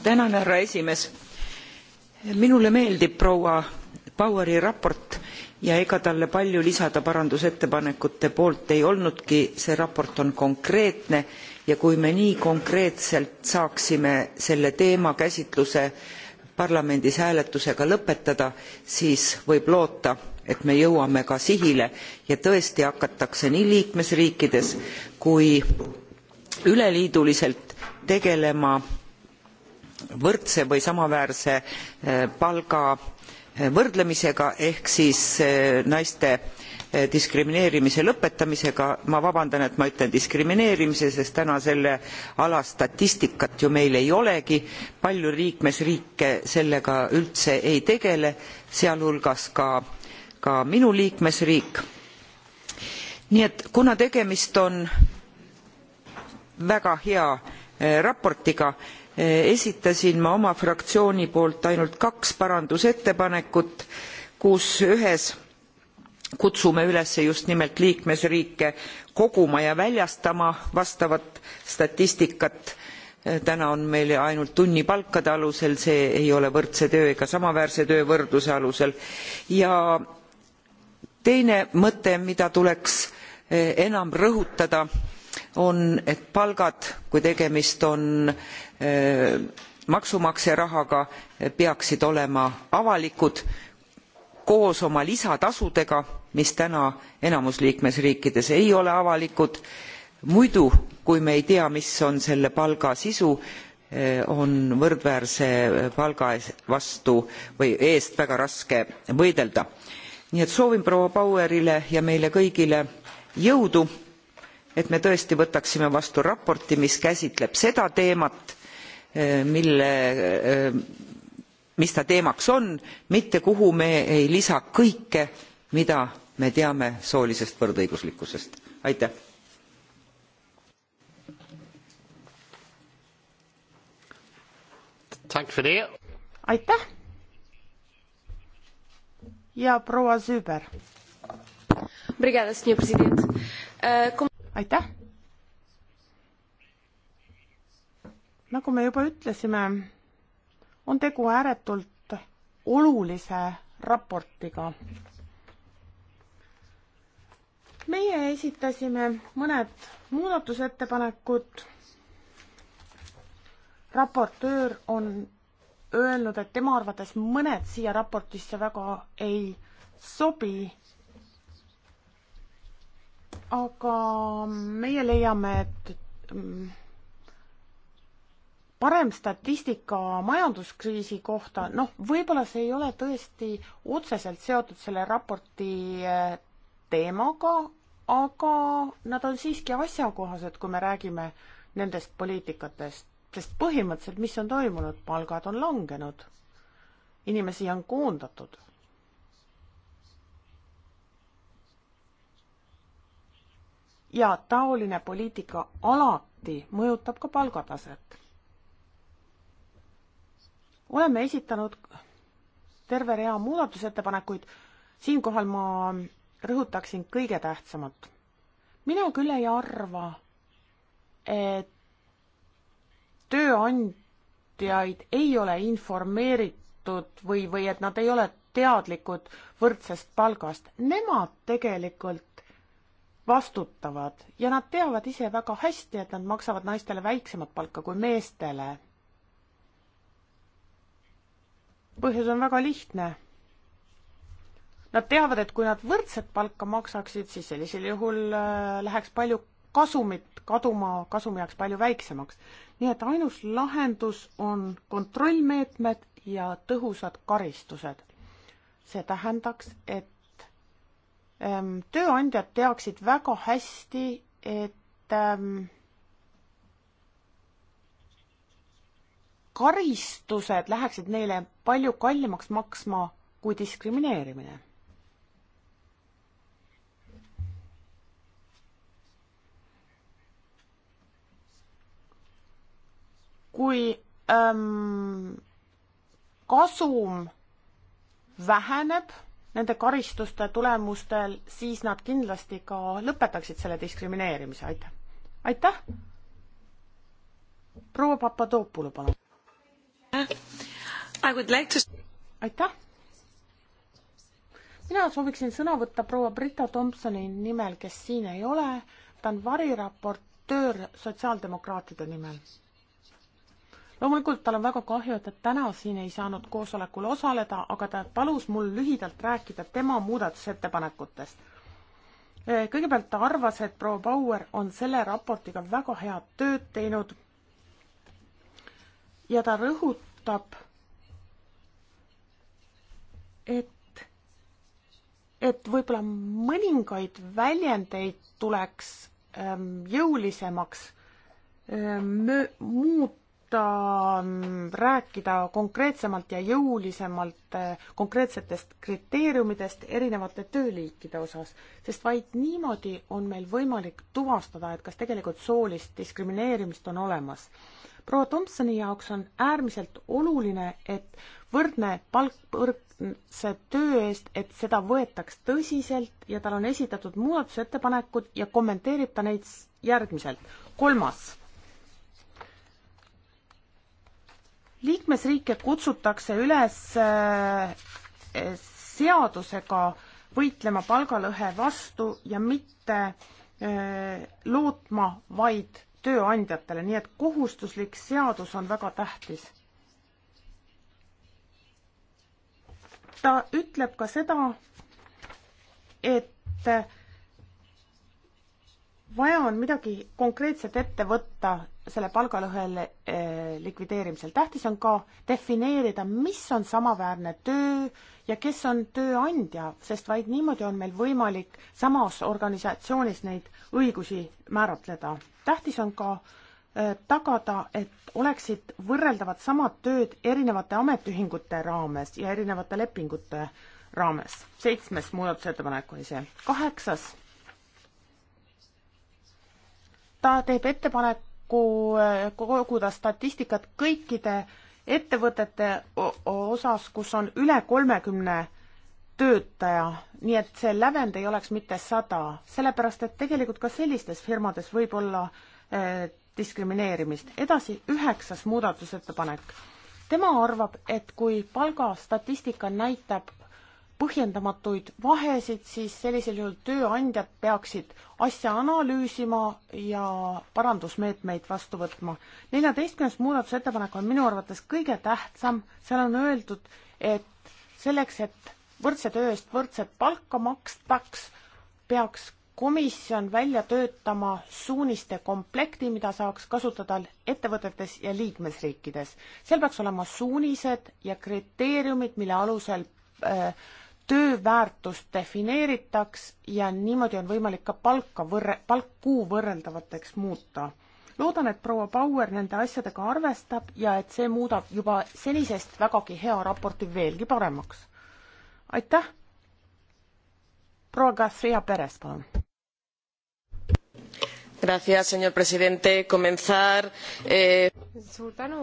Speaker 4: tänan, härra esimees.
Speaker 5: minule meeldib proua Baueri raport ja ega talle palju lisada parandusettepanekute poolt ei olnudki, see raport on konkreetne ja kui me nii konkreetselt saaksime selle teema käsitluse parlamendis hääletusega lõpetada siis võib loota et me jõuame ka sihile ja tõesti hakatakse nii liikmesriikides kui üleliiduliselt tegelema võrdse või samaväärse eh, palga eh, võrdlemisega ehk siis eh, naiste Eh, diskrimineerimise lõpetamisega ma vabandan et ma ütlen diskrimineerimise sest täna selle ala statistikat ju meil ei olegi palju liikmesriike sellega üldse ei tegele sealhulgas ka ka minu liikmesriik nii et kuna tegemist on väga hea eh, raportiga eh, esitasin ma oma fraktsiooni poolt ainult kaks parandusettepanekut kus ühes kutsume üles just nimelt liikmesriike koguma ja väljastama vastavat statistikat täna on meil ainult tunnipalkade alusel see ei ole võrdse töö ega samaväärse töö võrdluse alusel ja teine mõte mida tuleks e, enam rõhutada on et palgad kui tegemist on e, maksumaksja rahaga e, peaksid olema avalikud koos oma lisatasudega mis täna enamus liikmesriikides ei ole avalikud muidu kui me ei tea mis on selle palga sisu eh, on võrdväärse eh, palga vastu või eest väga raske võidelda. nii et soovin proua bauerile ja meile kõigile jõudu et me tõesti võtaksime vastu raporti mis käsitleb seda teemat eh, mille mis ta teemaks on mitte kuhu me ei lisa kõike mida me teame soolisest võrdõiguslikkusest aitäh
Speaker 4: aitäh ja proua Süüber
Speaker 2: eh, aitäh
Speaker 4: nagu me juba ütlesime on tegu ääretult olulise raportiga meie esitasime mõned muudatusettepanekud. raportöör on öelnud, et tema arvates mõned siia raportisse väga ei sobi. aga meie leiame, et mm, parem statistika majanduskriisi kohta, noh, võib-olla see ei ole tõesti otseselt seotud selle raporti eh, teemaga, aga nad on siiski asjakohased, kui me räägime nendest poliitikatest, sest põhimõtteliselt, mis on toimunud, palgad on langenud. inimesi on koondatud. ja taoline poliitika alati mõjutab ka palgataset. oleme esitanud terve rea muudatusettepanekuid, siinkohal ma rõhutaksin kõige tähtsamat. mina küll ei arva, et tööandjaid ei ole informeeritud või, või et nad ei ole teadlikud võrdsest palgast. Nemad tegelikult vastutavad ja nad teavad ise väga hästi, et nad maksavad naistele väiksemat palka kui meestele. põhjus on väga lihtne Nad teavad, et kui nad võrdset palka maksaksid, siis sellisel juhul äh, läheks palju kasumit kaduma, kasum jääks palju väiksemaks. nii et ainus lahendus on kontrollmeetmed ja tõhusad karistused. see tähendaks, et ähm, tööandjad teaksid väga hästi, et ähm, karistused läheksid neile palju kallimaks maksma kui diskrimineerimine kui ähm, kasum väheneb nende karistuste tulemustel, siis nad kindlasti ka lõpetaksid selle diskrimineerimise, aitäh. aitäh. proua Papadopoulou, palun. Like to... aitäh. mina sooviksin sõna võtta proua Brita Tomsoni nimel, kes siin ei ole, ta on variraportöör sotsiaaldemokraatide nimel loomulikult tal on väga kahju, et ta täna siin ei saanud koosolekul osaleda, aga ta palus mul lühidalt rääkida tema muudatusettepanekutest. Eh, kõigepealt ta arvas, et proua Bauer on selle raportiga väga head tööd teinud ja ta rõhutab, et, et võib-olla mõningaid väljendeid tuleks ähm, jõulisemaks ähm, muuta kohta mm, rääkida konkreetsemalt ja jõulisemalt eh, konkreetsetest kriteeriumidest erinevate tööliikide osas, sest vaid niimoodi on meil võimalik tuvastada, et kas tegelikult soolist diskrimineerimist on olemas. proua Tomsoni jaoks on äärmiselt oluline, et võrdne palk võrdse töö eest, et seda võetaks tõsiselt ja tal on esitatud muudatusettepanekud ja kommenteerib ta neid järgmiselt. kolmas liikmesriike kutsutakse üles eh, seadusega võitlema palgalõhe vastu ja mitte eh, lootma vaid tööandjatele, nii et kohustuslik seadus on väga tähtis. ta ütleb ka seda, et vaja on midagi konkreetset ette võtta selle palgalõhe eh, likvideerimisel. tähtis on ka defineerida, mis on samaväärne töö ja kes on tööandja, sest vaid niimoodi on meil võimalik samas organisatsioonis neid õigusi määratleda. tähtis on ka eh, tagada, et oleksid võrreldavad samad tööd erinevate ametiühingute raames ja erinevate lepingute raames. seitsmes muudatusettepanek oli see. kaheksas ta teeb ettepaneku eh, koguda statistikat kõikide ettevõtete osas, kus on üle kolmekümne töötaja, nii et see lävend ei oleks mitte sada, sellepärast et tegelikult ka sellistes firmades võib olla eh, diskrimineerimist. edasi üheksas muudatusettepanek. tema arvab, et kui palgastatistika näitab põhjendamatuid vahesid, siis sellisel juhul tööandjad peaksid asja analüüsima ja parandusmeetmeid vastu võtma. neljateistkümnes muudatusettepanek on minu arvates kõige tähtsam, seal on öeldud, et selleks, et võrdse töö eest võrdset palka makstaks, peaks komisjon välja töötama suuniste komplekti, mida saaks kasutada ettevõtetes ja liikmesriikides. seal peaks olema suunised ja kriteeriumid, mille alusel äh, töö väärtust defineeritaks ja niimoodi on võimalik ka palka võrre-, palku võrreldavateks muuta. loodan, et proua Bauer nende asjadega arvestab ja et see muudab juba senisest vägagi hea raporti veelgi paremaks. aitäh! proua Garcia Perez,
Speaker 2: palun! Gracias, señor presidente. Comenzar. Eh suur tänu,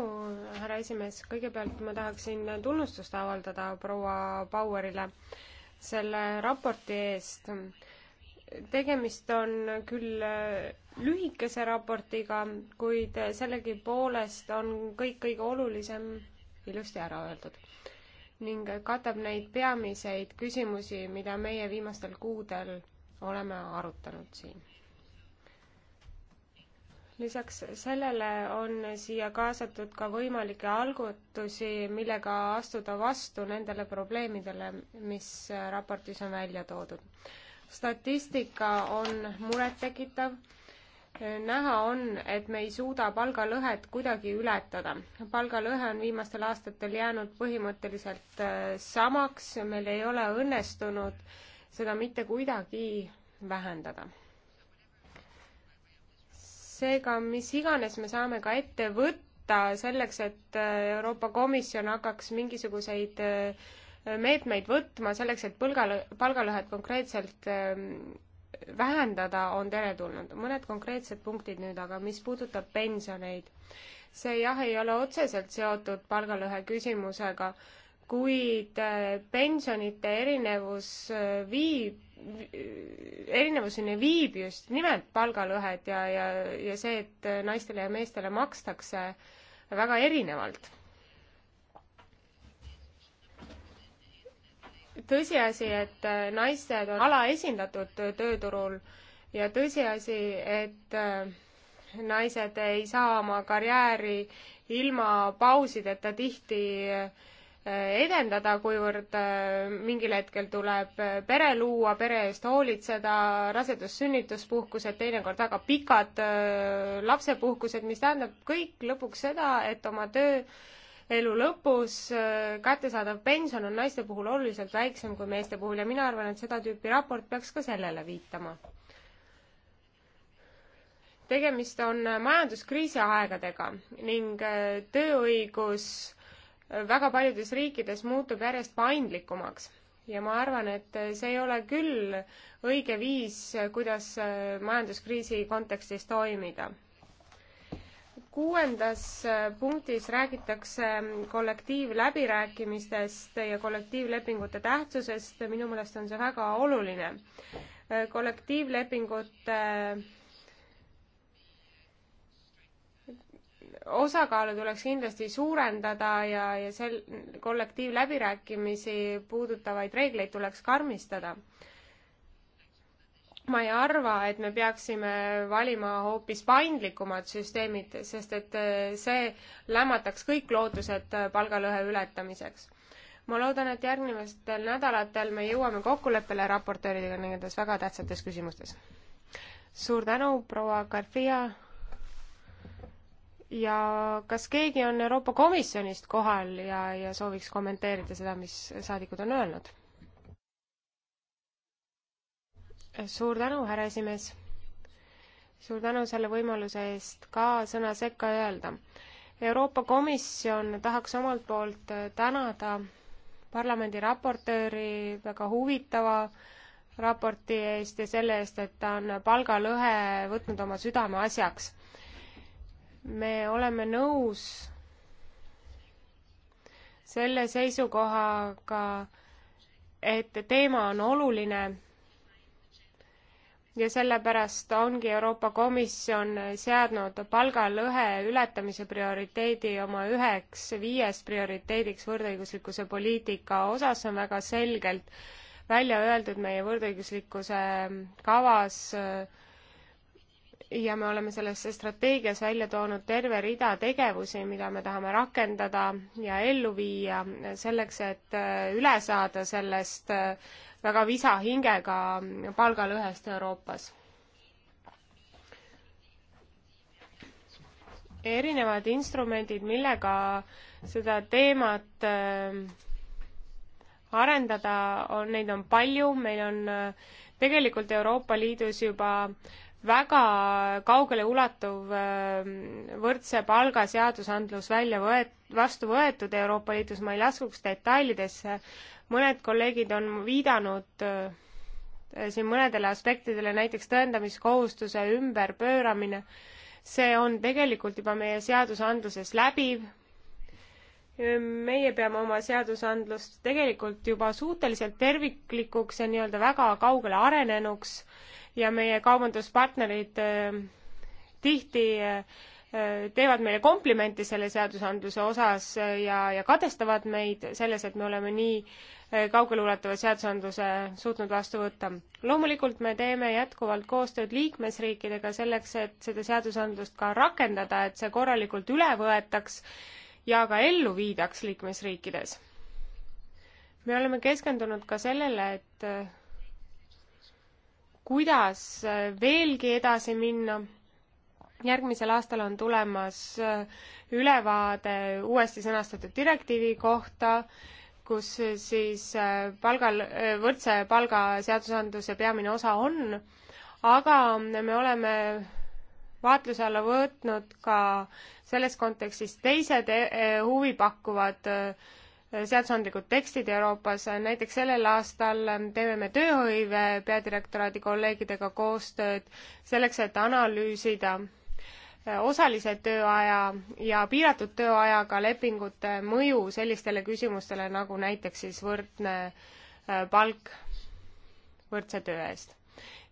Speaker 2: härra esimees, kõigepealt ma tahaksin tunnustust avaldada proua Bauerile selle raporti eest. tegemist on küll lühikese raportiga, kuid sellegipoolest on kõik kõige olulisem ilusti ära öeldud ning katab neid peamiseid küsimusi, mida meie viimastel kuudel oleme arutanud siin lisaks sellele on siia kaasatud ka võimalikke algatusi, millega astuda vastu nendele probleemidele, mis raportis on välja toodud. statistika on murettekitav näha on, et me ei suuda palgalõhet kuidagi ületada. palgalõhe on viimastel aastatel jäänud põhimõtteliselt äh, samaks, meil ei ole õnnestunud seda mitte kuidagi vähendada seega, mis iganes me saame ka ette võtta selleks, et äh, Euroopa Komisjon hakkaks mingisuguseid äh, meetmeid võtma selleks, et põlgal, palgalõhet konkreetselt ähm, vähendada, on teretulnud. mõned konkreetsed punktid nüüd aga, mis puudutab pensioneid. see jah, ei ole otseselt seotud palgalõhe küsimusega, kuid äh, pensionite erinevus viib erinevuseni viib just nimelt palgalõhed ja, ja, ja see, et naistele ja meestele makstakse väga erinevalt. tõsiasi, et naised on alaesindatud tööturul ja tõsiasi, et naised ei saa oma karjääri ilma pausideta tihti äh, edendada, kuivõrd äh, mingil hetkel tuleb äh, pere luua, pere eest hoolitseda, rasedus-sünnituspuhkused, teinekord väga pikad äh, lapsepuhkused, mis tähendab kõik lõpuks seda, et oma tööelu lõpus kättesaadav pension on naiste puhul oluliselt väiksem kui meeste puhul ja mina arvan, et seda tüüpi raport peaks ka sellele viitama. tegemist on majanduskriisi aegadega ning tööõigus väga paljudes riikides muutub järjest paindlikumaks ja ma arvan, et see ei ole küll õige viis, kuidas äh, majanduskriisi kontekstis toimida. kuuendas äh, punktis räägitakse mm, kollektiivläbirääkimistest ja kollektiivlepingute tähtsusest, minu meelest on see väga oluline. Äh, kollektiivlepingute äh, osakaalu tuleks kindlasti suurendada ja, ja sel-, kollektiivläbirääkimisi puudutavaid reegleid tuleks karmistada. ma ei arva, et me peaksime valima hoopis paindlikumad süsteemid, sest et äh, see lämmataks kõik lootused äh, palgalõhe ületamiseks. ma loodan, et järgnevatel nädalatel me jõuame kokkuleppele raportööridega nendes väga tähtsates küsimustes. suur tänu, proua Garfia! ja kas keegi on Euroopa Komisjonist kohal ja, ja sooviks kommenteerida seda, mis saadikud on öelnud? suur tänu, härra esimees! suur tänu selle võimaluse eest ka sõna sekka öelda. Euroopa Komisjon tahaks omalt poolt tänada parlamendi raportööri väga huvitava raporti eest ja selle eest, et ta on palgalõhe võtnud oma südameasjaks me oleme nõus selle seisukohaga, et teema on oluline ja sellepärast ongi Euroopa Komisjon seadnud palgalõhe ületamise prioriteedi oma üheks viiest prioriteediks võrdõiguslikkuse poliitika osas, on väga selgelt välja öeldud meie võrdõiguslikkuse kavas äh, ja me oleme selles strateegias välja toonud terve rida tegevusi, mida me tahame rakendada ja ellu viia selleks, et äh, üle saada sellest äh, väga visa hingega palgalõhest Euroopas. erinevad instrumendid, millega seda teemat äh, arendada, on, neid on palju, meil on tegelikult Euroopa Liidus juba äh, väga kaugele ulatuv ähm, võrdse palga seadusandlus välja võet-, vastu võetud Euroopa Liidus, ma ei laskuks detailidesse, mõned kolleegid on viidanud äh, siin mõnedele aspektidele, näiteks tõendamiskohustuse ümberpööramine, see on tegelikult juba meie seadusandluses läbiv, meie peame oma seadusandlust tegelikult juba suhteliselt terviklikuks ja nii-öelda väga kaugele arenenuks ja meie kaubanduspartnerid äh, tihti äh, teevad meile komplimenti selle seadusandluse osas äh, ja, ja kadestavad meid selles, et me oleme nii kaugeleulatuva seadusandluse suutnud vastu võtta. loomulikult me teeme jätkuvalt koostööd liikmesriikidega selleks, et seda seadusandlust ka rakendada, et see korralikult üle võetaks ja ka ellu viidaks liikmesriikides. me oleme keskendunud ka sellele, et kuidas äh, veelgi edasi minna. järgmisel aastal on tulemas äh, ülevaade uuesti sõnastatud direktiivi kohta, kus äh, siis palgal, võrdse palga seadusandluse peamine osa on, aga me oleme vaatluse alla võtnud ka selles kontekstis teised huvipakkuvad äh, seadusandlikud tekstid Euroopas, näiteks sellel aastal teeme me tööhõive peadirektoraadi kolleegidega koostööd selleks, et analüüsida osalise tööaja ja piiratud tööajaga lepingute mõju sellistele küsimustele, nagu näiteks siis võrdne äh, palk võrdse töö eest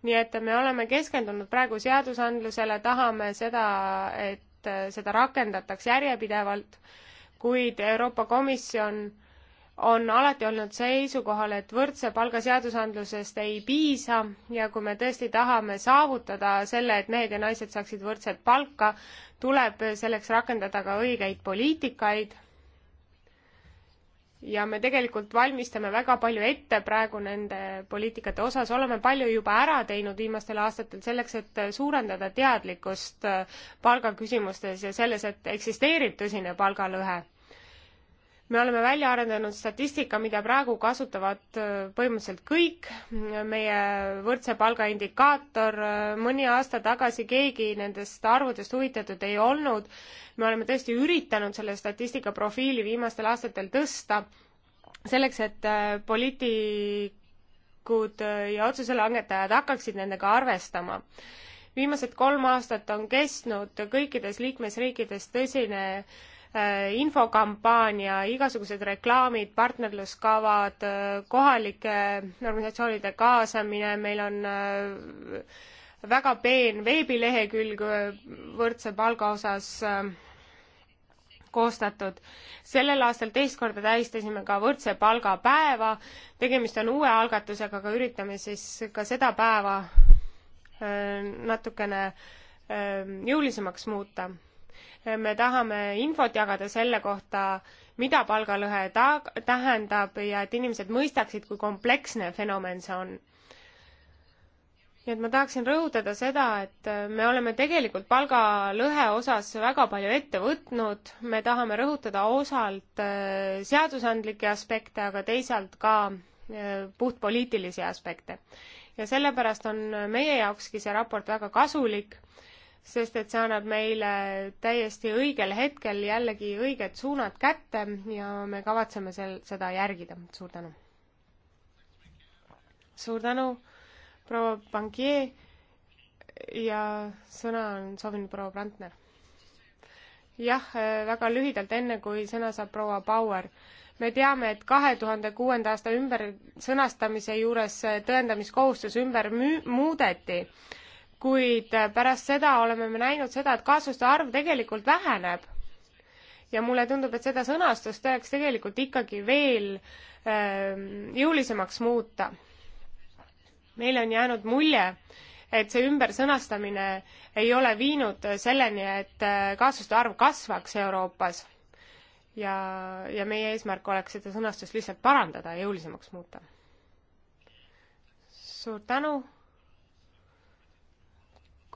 Speaker 2: nii et me oleme keskendunud praegu seadusandlusele, tahame seda, et äh, seda rakendataks järjepidevalt kuid Euroopa Komisjon on alati olnud seisukohal, et võrdse palga seadusandlusest ei piisa ja kui me tõesti tahame saavutada selle, et mehed ja naised saaksid võrdset palka, tuleb selleks rakendada ka õigeid poliitikaid ja me tegelikult valmistame väga palju ette praegu nende poliitikate osas, oleme palju juba ära teinud viimastel aastatel selleks, et suurendada teadlikkust äh, palgaküsimustes ja selles, et eksisteerib tõsine palgalõhe me oleme välja arendanud statistika, mida praegu kasutavad äh, põhimõtteliselt kõik, meie võrdse palga indikaator, äh, mõni aasta tagasi keegi nendest arvudest huvitatud ei olnud. me oleme tõesti üritanud selle statistika profiili viimastel aastatel tõsta, selleks et äh, poliitikud ja otsuse langetajad hakkaksid nendega arvestama viimased kolm aastat on kestnud kõikides liikmesriikides tõsine äh, Äh, infokampaania, igasugused reklaamid, partnerluskavad, äh, kohalike organisatsioonide kaasamine, meil on äh, väga peen veebilehekülg võrdse palga osas koostatud. sellel aastal teist korda tähistasime ka võrdse palga päeva, tegemist on uue algatusega, aga üritame siis ka seda päeva natukene jõulisemaks muuta me tahame infot jagada selle kohta, mida palgalõhe ta-, tähendab ja et inimesed mõistaksid, kui kompleksne fenomen see on. nii et ma tahaksin rõhutada seda, et me oleme tegelikult palgalõhe osas väga palju ette võtnud, me tahame rõhutada osalt äh, seadusandlikke aspekte, aga teisalt ka äh, puhtpoliitilisi aspekte. ja sellepärast on meie jaokski see raport väga kasulik sest et see annab meile täiesti õigel hetkel jällegi õiged suunad kätte ja me kavatseme sel, seda järgida. suur tänu! suur tänu, proua Bankier ja sõna on soovinud proua Brandner. jah, väga lühidalt, enne kui sõna saab proua Bauer me teame, et kahe tuhande kuuenda aasta ümbersõnastamise juures tõendamiskohustus ümber müü-, muudeti kuid pärast seda oleme me näinud seda, et kaasuste arv tegelikult väheneb. ja mulle tundub, et seda sõnastust tuleks tegelikult ikkagi veel ähm, jõulisemaks muuta. meile on jäänud mulje, et see ümbersõnastamine ei ole viinud selleni, et äh, kaasuste arv kasvaks Euroopas. ja, ja meie eesmärk oleks seda sõnastust lihtsalt parandada, jõulisemaks muuta. suur tänu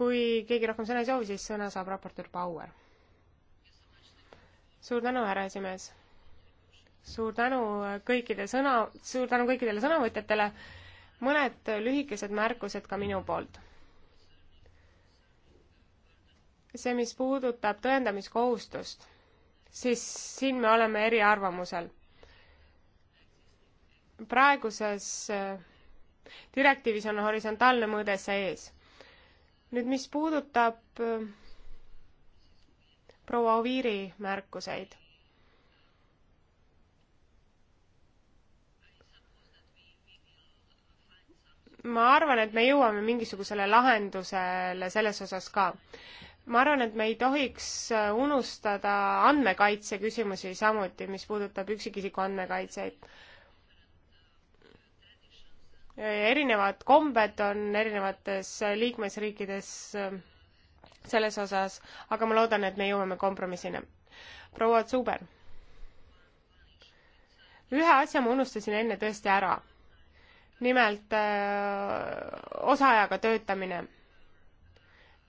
Speaker 2: kui keegi rohkem sõna ei soovi, siis sõna saab raportöör Bauer. suur tänu, härra esimees. suur tänu kõikide sõna, suur tänu kõikidele sõnavõtjatele. mõned lühikesed märkused ka minu poolt. see, mis puudutab tõendamiskohustust, siis siin me oleme eriarvamusel. praeguses direktiivis on horisontaalne mõõde sees nüüd, mis puudutab äh, proua Oviiri märkuseid. ma arvan, et me jõuame mingisugusele lahendusele selles osas ka. ma arvan, et me ei tohiks äh, unustada andmekaitse küsimusi samuti, mis puudutab üksikisiku andmekaitseid erinevad kombed on erinevates liikmesriikides äh, selles osas, aga ma loodan, et me jõuame kompromissini. proua Zuber. ühe asja ma unustasin enne tõesti ära. nimelt öö, äh, osaajaga töötamine.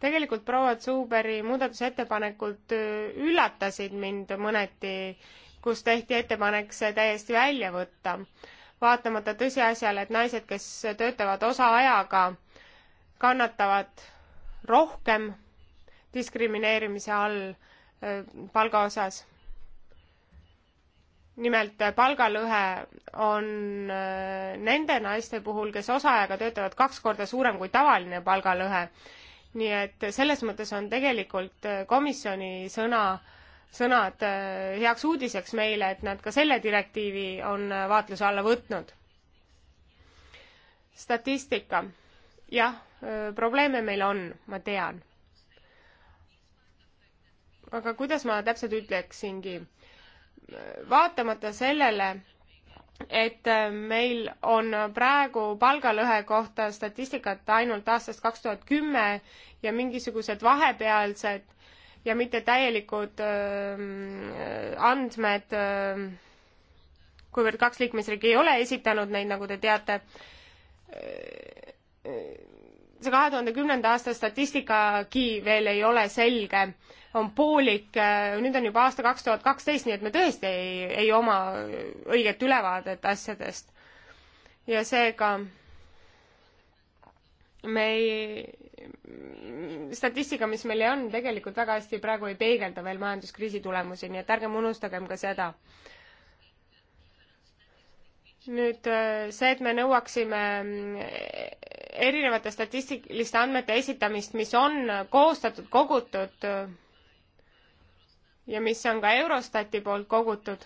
Speaker 2: tegelikult proua Zuberi muudatusettepanekud äh, üllatasid mind mõneti, kus tehti ettepanek see täiesti välja võtta vaatamata tõsiasjale, et naised, kes töötavad osaajaga, kannatavad rohkem diskrimineerimise all palga osas. nimelt palgalõhe on nende naiste puhul, kes osaajaga töötavad, kaks korda suurem kui tavaline palgalõhe. nii et selles mõttes on tegelikult komisjoni sõna äh, sõnad äh, heaks uudiseks meile, et nad ka selle direktiivi on äh, vaatluse alla võtnud. statistika. jah, äh, probleeme meil on, ma tean. aga kuidas ma täpselt ütleksingi? vaatamata sellele, et meil on praegu palgalõhe kohta statistikat ainult aastast kaks tuhat kümme ja mingisugused vahepealsed ja mitte täielikud ähm, andmed, ähm, kuivõrd kaks liikmesriigi ei ole esitanud neid, nagu te teate, see kahe tuhande kümnenda aasta statistikagi veel ei ole selge, on poolik, äh, nüüd on juba aasta kaks tuhat kaksteist, nii et me tõesti ei, ei oma õiget ülevaadet asjadest. ja seega me ei, statistika, mis meil on, tegelikult väga hästi praegu ei peegelda veel majanduskriisi tulemusi, nii et ärgem unustagem ka seda. nüüd äh, see, et me nõuaksime äh, erinevate statistiliste andmete esitamist, mis on koostatud, kogutud ja mis on ka Eurostati poolt kogutud.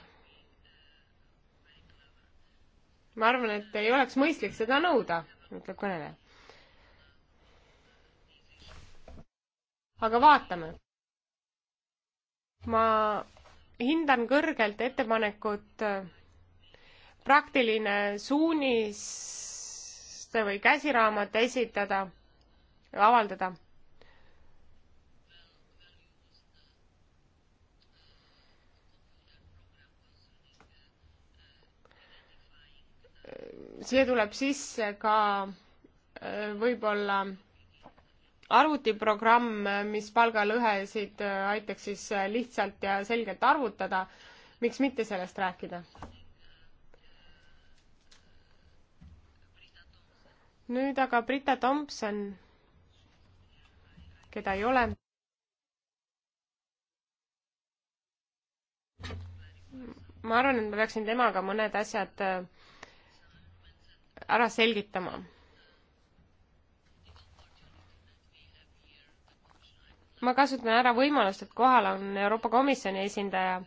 Speaker 2: ma arvan, et ei oleks mõistlik seda nõuda, ütleb kõneleja aga vaatame. ma hindan kõrgelt ettepanekut äh, praktiline suuniste või käsiraamat esitada, avaldada. siia tuleb sisse ka äh, võib-olla arvutiprogramm, mis palgalõhesid äh, aitaks siis äh, lihtsalt ja selgelt arvutada, miks mitte sellest rääkida? nüüd aga Brita Tomson, keda ei ole. ma arvan, et ma peaksin temaga mõned asjad äh, ära selgitama ma kasutan ära võimalust, et kohal on Euroopa Komisjoni esindaja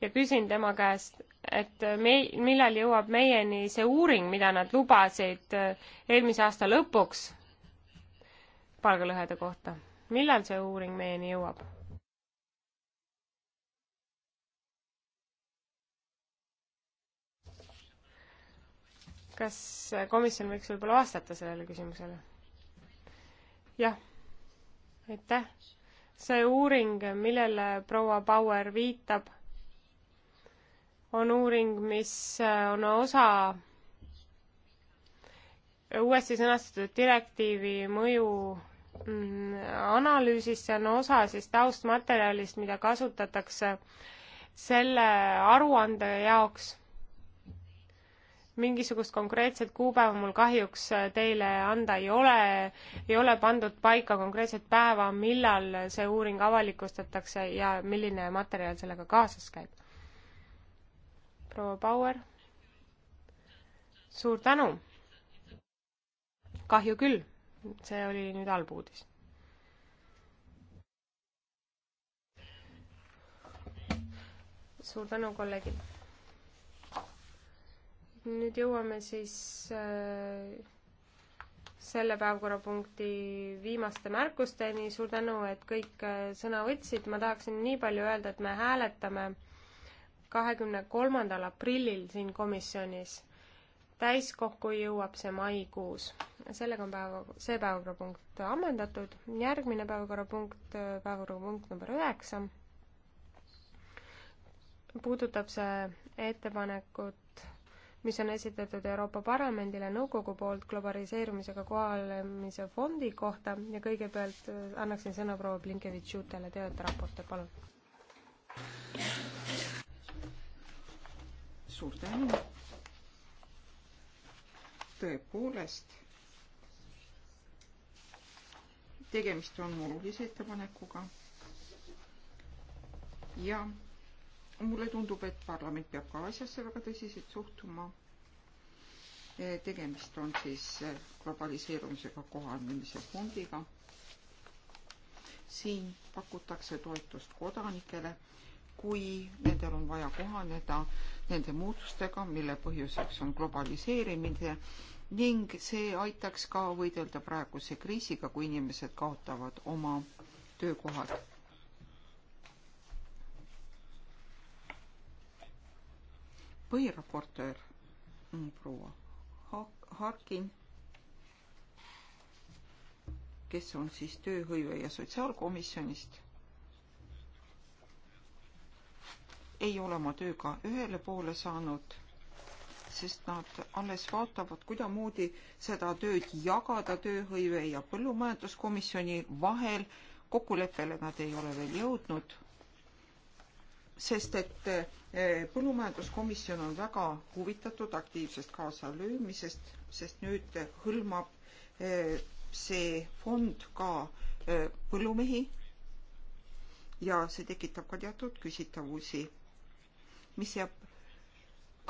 Speaker 2: ja küsin tema käest, et me, millal jõuab meieni see uuring, mida nad lubasid äh, eelmise aasta lõpuks palgalõhede kohta. millal see uuring meieni jõuab? kas äh, komisjon võiks võib-olla vastata sellele küsimusele? jah, aitäh see uuring, millele proua Bauer viitab, on uuring, mis äh, on osa uuesti sõnastatud direktiivi mõju mm, analüüsist, see on osa siis taustmaterjalist, mida kasutatakse selle aruande jaoks mingisugust konkreetset kuupäeva mul kahjuks äh, teile anda ei ole, ei ole pandud paika konkreetset päeva, millal see uuring avalikustatakse ja milline materjal sellega kaasas käib. proua Bauer, suur tänu! kahju küll, see oli nüüd halb uudis. suur tänu, kolleegid! nüüd jõuame siis äh, selle päevakorrapunkti viimaste märkusteni, suur tänu, et kõik äh, sõna võtsid, ma tahaksin nii palju öelda, et me hääletame kahekümne kolmandal aprillil siin komisjonis. täiskokku jõuab see maikuus. sellega on päeva, see päevakorrapunkt ammendatud, järgmine päevakorrapunkt, äh, päevakorrapunkt number üheksa, puudutab see ettepanekut mis on esitatud Euroopa Parlamendile nõukogu poolt globaliseerumisega kohanemise fondi kohta ja kõigepealt äh, annaksin sõna proua Blinkevitš-Jutele, te olete raportöör, palun. suur tänu.
Speaker 3: tõepoolest, tegemist on olulise ettepanekuga ja mulle tundub, et parlament peab ka asjasse väga tõsiselt suhtuma. E, tegemist on siis e, globaliseerumisega kohanemise fondiga. siin pakutakse toetust kodanikele, kui nendel on vaja kohaneda nende muutustega, mille põhjuseks on globaliseerimine ning see aitaks ka võidelda praeguse kriisiga, kui inimesed kaotavad oma töökohad põhiraportöör proua Harkin, kes on siis tööhõive ja sotsiaalkomisjonist, ei ole oma tööga ühele poole saanud, sest nad alles vaatavad, kuidasmoodi seda tööd jagada tööhõive ja põllumajanduskomisjoni vahel. kokkuleppele nad ei ole veel jõudnud, sest et Eh, põllumajanduskomisjon on väga huvitatud aktiivsest kaasalöömisest, sest nüüd hõlmab eh, see fond ka eh, põllumehi ja see tekitab ka teatud küsitavusi, mis jääb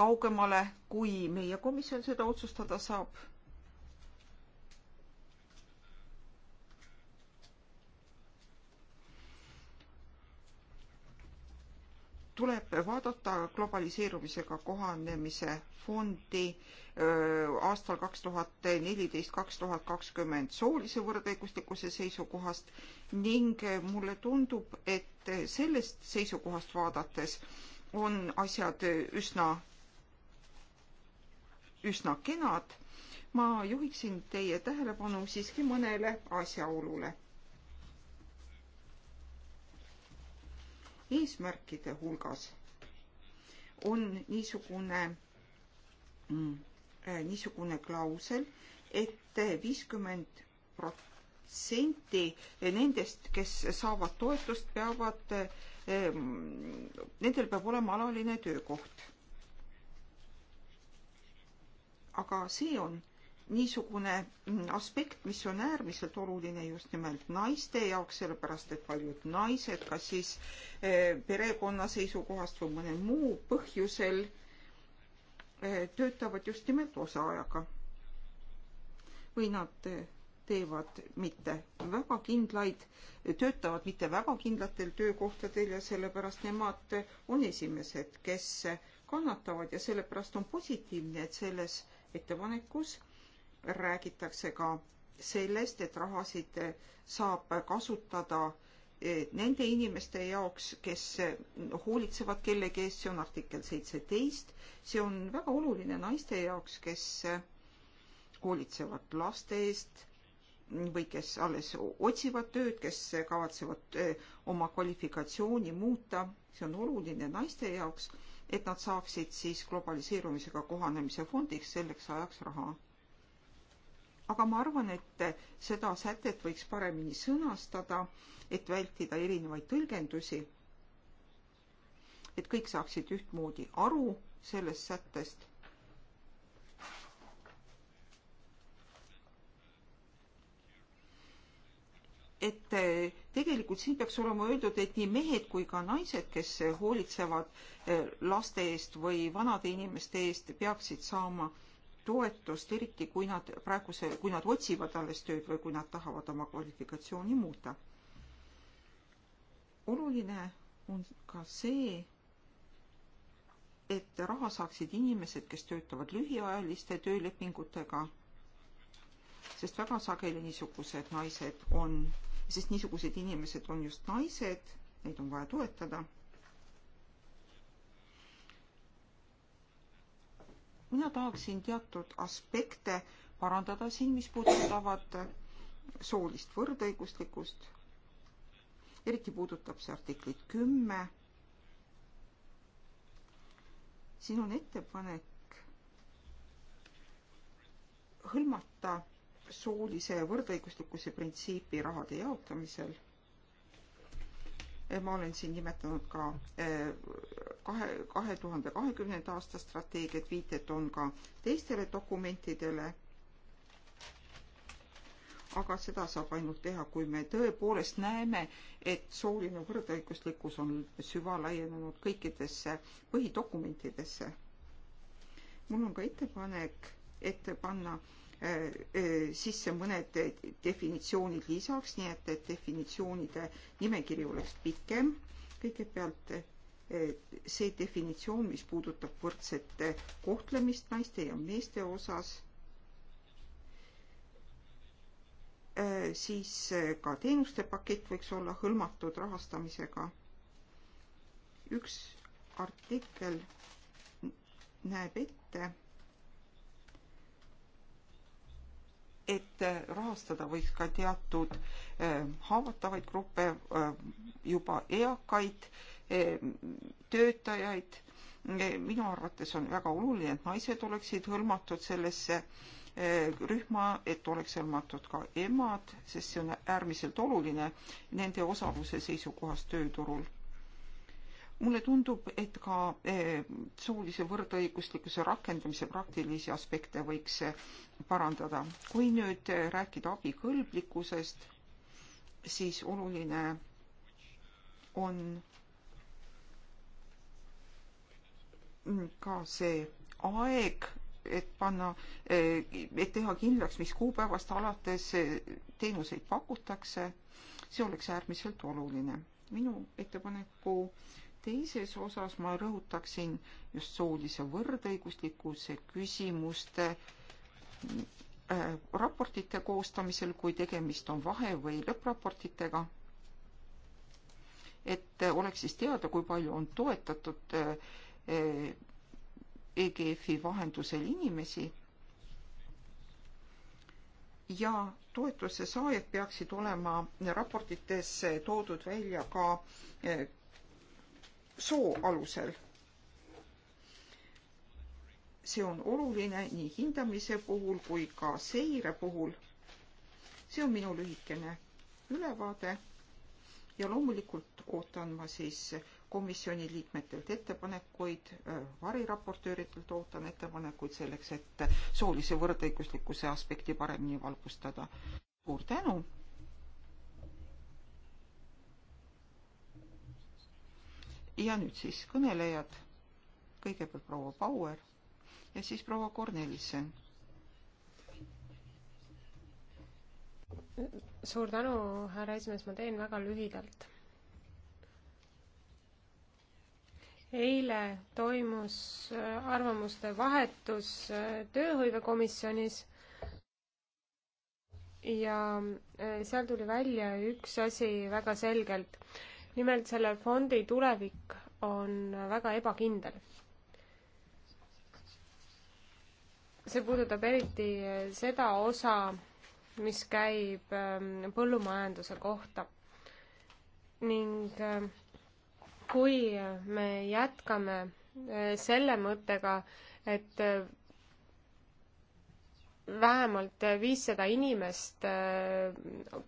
Speaker 3: kaugemale, kui meie komisjon seda otsustada saab tuleb vaadata globaliseerumisega kohanemise fondi aastal kaks tuhat neliteist, kaks tuhat kakskümmend soolise võrdõiguslikkuse seisukohast ning mulle tundub, et sellest seisukohast vaadates on asjad üsna, üsna kenad. ma juhiksin teie tähelepanu siiski mõnele asjaolule eesmärkide hulgas on niisugune, mm, äh, niisugune klausel et, et viiskümmend protsenti nendest, kes saavad toetust, peavad, ähm, nendel peab olema alaline töökoht. aga see on niisugune mm, aspekt, mis on äärmiselt oluline just nimelt naiste jaoks, sellepärast et paljud naised, kas siis eh, perekonna seisukohast või mõnel muu põhjusel, eh, töötavad just nimelt osaajaga. või nad eh, teevad mitte väga kindlaid, töötavad mitte väga kindlatel töökohtadel ja sellepärast nemad on esimesed, kes kannatavad ja sellepärast on positiivne, et selles ettepanekus räägitakse ka sellest, et rahasid saab kasutada eh, nende inimeste jaoks, kes hoolitsevad kellegi eest, see on artikkel seitseteist, see on väga oluline naiste jaoks, kes hoolitsevad laste eest või kes alles otsivad tööd, kes kavatsevad eh, oma kvalifikatsiooni muuta, see on oluline naiste jaoks, et nad saaksid siis globaliseerumisega kohanemise fondiks selleks ajaks raha aga ma arvan, et seda sätet võiks paremini sõnastada, et vältida erinevaid tõlgendusi. et kõik saaksid ühtmoodi aru sellest sättest. et eh, tegelikult siin peaks olema öeldud, et nii mehed kui ka naised, kes hoolitsevad eh, laste eest või vanade inimeste eest, peaksid saama äh, toetust, eriti kui nad praeguse, kui nad otsivad alles tööd või kui nad tahavad oma kvalifikatsiooni muuta. oluline on ka see, et raha saaksid inimesed, kes töötavad lühiajaliste töölepingutega, sest väga sageli niisugused naised on, sest niisugused inimesed on just naised, neid on vaja toetada mina tahaksin teatud aspekte parandada siin, mis puudutavad soolist võrdõiguslikkust. eriti puudutab see artiklit kümme. siin on ettepanek hõlmata soolise võrdõiguslikkuse printsiipi rahade jaotamisel. ma olen siin nimetanud ka eh, kahe, kahe tuhande kahekümnenda aasta strateegiat, viited on ka teistele dokumentidele. aga seda saab ainult teha, kui me tõepoolest näeme, et sooline võrdõiguslikkus on süvalaienenud kõikidesse põhidokumentidesse. mul on ka ettepanek ette panna eh, eh, sisse mõned definitsioonid lisaks, nii et, et definitsioonide nimekiri oleks pikem. kõigepealt Eh, see definitsioon, mis puudutab võrdset kohtlemist naiste ja meeste osas, eh, siis eh, ka teenuste pakett võiks olla hõlmatud rahastamisega. üks artikkel näeb ette, et rahastada võiks ka teatud haavatavaid gruppe, juba eakaid töötajaid. minu arvates on väga oluline, et naised oleksid hõlmatud sellesse eh, rühma, et oleks hõlmatud ka emad, sest see on äärmiselt oluline nende osaluse seisukohast tööturul. mulle tundub, et ka eh, soolise võrdõiguslikkuse rakendamise praktilisi aspekte võiks eh, parandada. kui nüüd rääkida abikõlblikkusest, siis oluline on ka see aeg, et panna, et teha kindlaks, mis kuupäevast alates teenuseid pakutakse, see oleks äärmiselt oluline. minu ettepaneku teises osas ma rõhutaksin just soolise võrdõiguslikkuse küsimuste äh, raportite koostamisel, kui tegemist on vahe- või lõppraportitega, et oleks siis teada, kui palju on toetatud äh, EGF-i eh, e vahendusel inimesi. ja toetuse saajad peaksid olema raportites toodud välja ka eh, soo alusel see on oluline nii hindamise puhul kui ka seire puhul. see on minu lühikene ülevaade ja loomulikult ootan ma siis komisjoni liikmetelt ettepanekuid, äh, variraportööridelt ootan ettepanekuid selleks, et soolise võrdõiguslikkuse aspekti paremini valgustada. suur tänu! ja nüüd siis kõnelejad, kõigepealt proua Bauer ja siis proua Kornelissen.
Speaker 2: suur tänu, härra esimees, ma teen väga lühidalt eile toimus äh, arvamuste vahetus äh, tööhõivekomisjonis ja äh, seal tuli välja üks asi väga selgelt. nimelt selle fondi tulevik on väga ebakindel. see puudutab eriti seda osa, mis käib ähm, põllumajanduse kohta ning ähm, kui me jätkame eh, selle mõttega, et eh, vähemalt viissada inimest eh,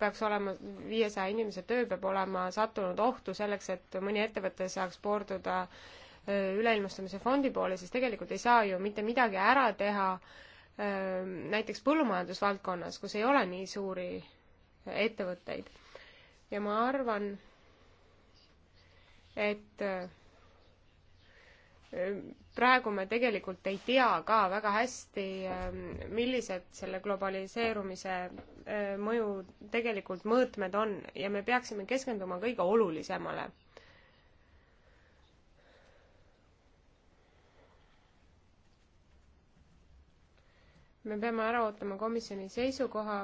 Speaker 2: peaks olema, viiesaja inimese töö peab olema sattunud ohtu selleks, et mõni ettevõte saaks pöörduda üleilmastumise fondi poole, siis tegelikult ei saa ju mitte midagi ära teha näiteks põllumajandusvaldkonnas, kus ei ole nii suuri ettevõtteid. ja ma arvan, et äh, praegu me tegelikult ei tea ka väga hästi, ähm, millised selle globaliseerumise äh, mõju tegelikult mõõtmed on ja me peaksime keskenduma kõige olulisemale. me peame ära ootama komisjoni seisukoha,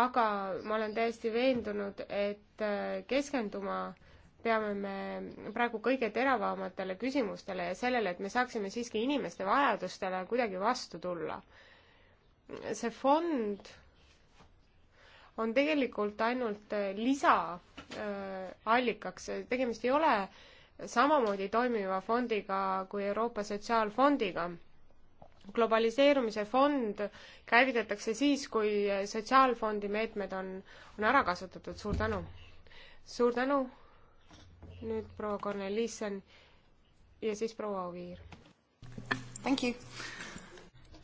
Speaker 2: aga ma olen täiesti veendunud, et äh, keskenduma äh, peame me praegu kõige teravamatele küsimustele ja sellele, et me saaksime siiski inimeste vajadustele kuidagi vastu tulla. see fond on tegelikult ainult äh, lisaallikaks, äh, tegemist ei ole samamoodi toimiva fondiga kui Euroopa Sotsiaalfondiga. globaliseerumise fond käivitatakse siis, kui sotsiaalfondi meetmed on, on ära kasutatud, suur tänu! suur tänu! nüüd proua Kornelissen ja siis proua Oviir. Thank you!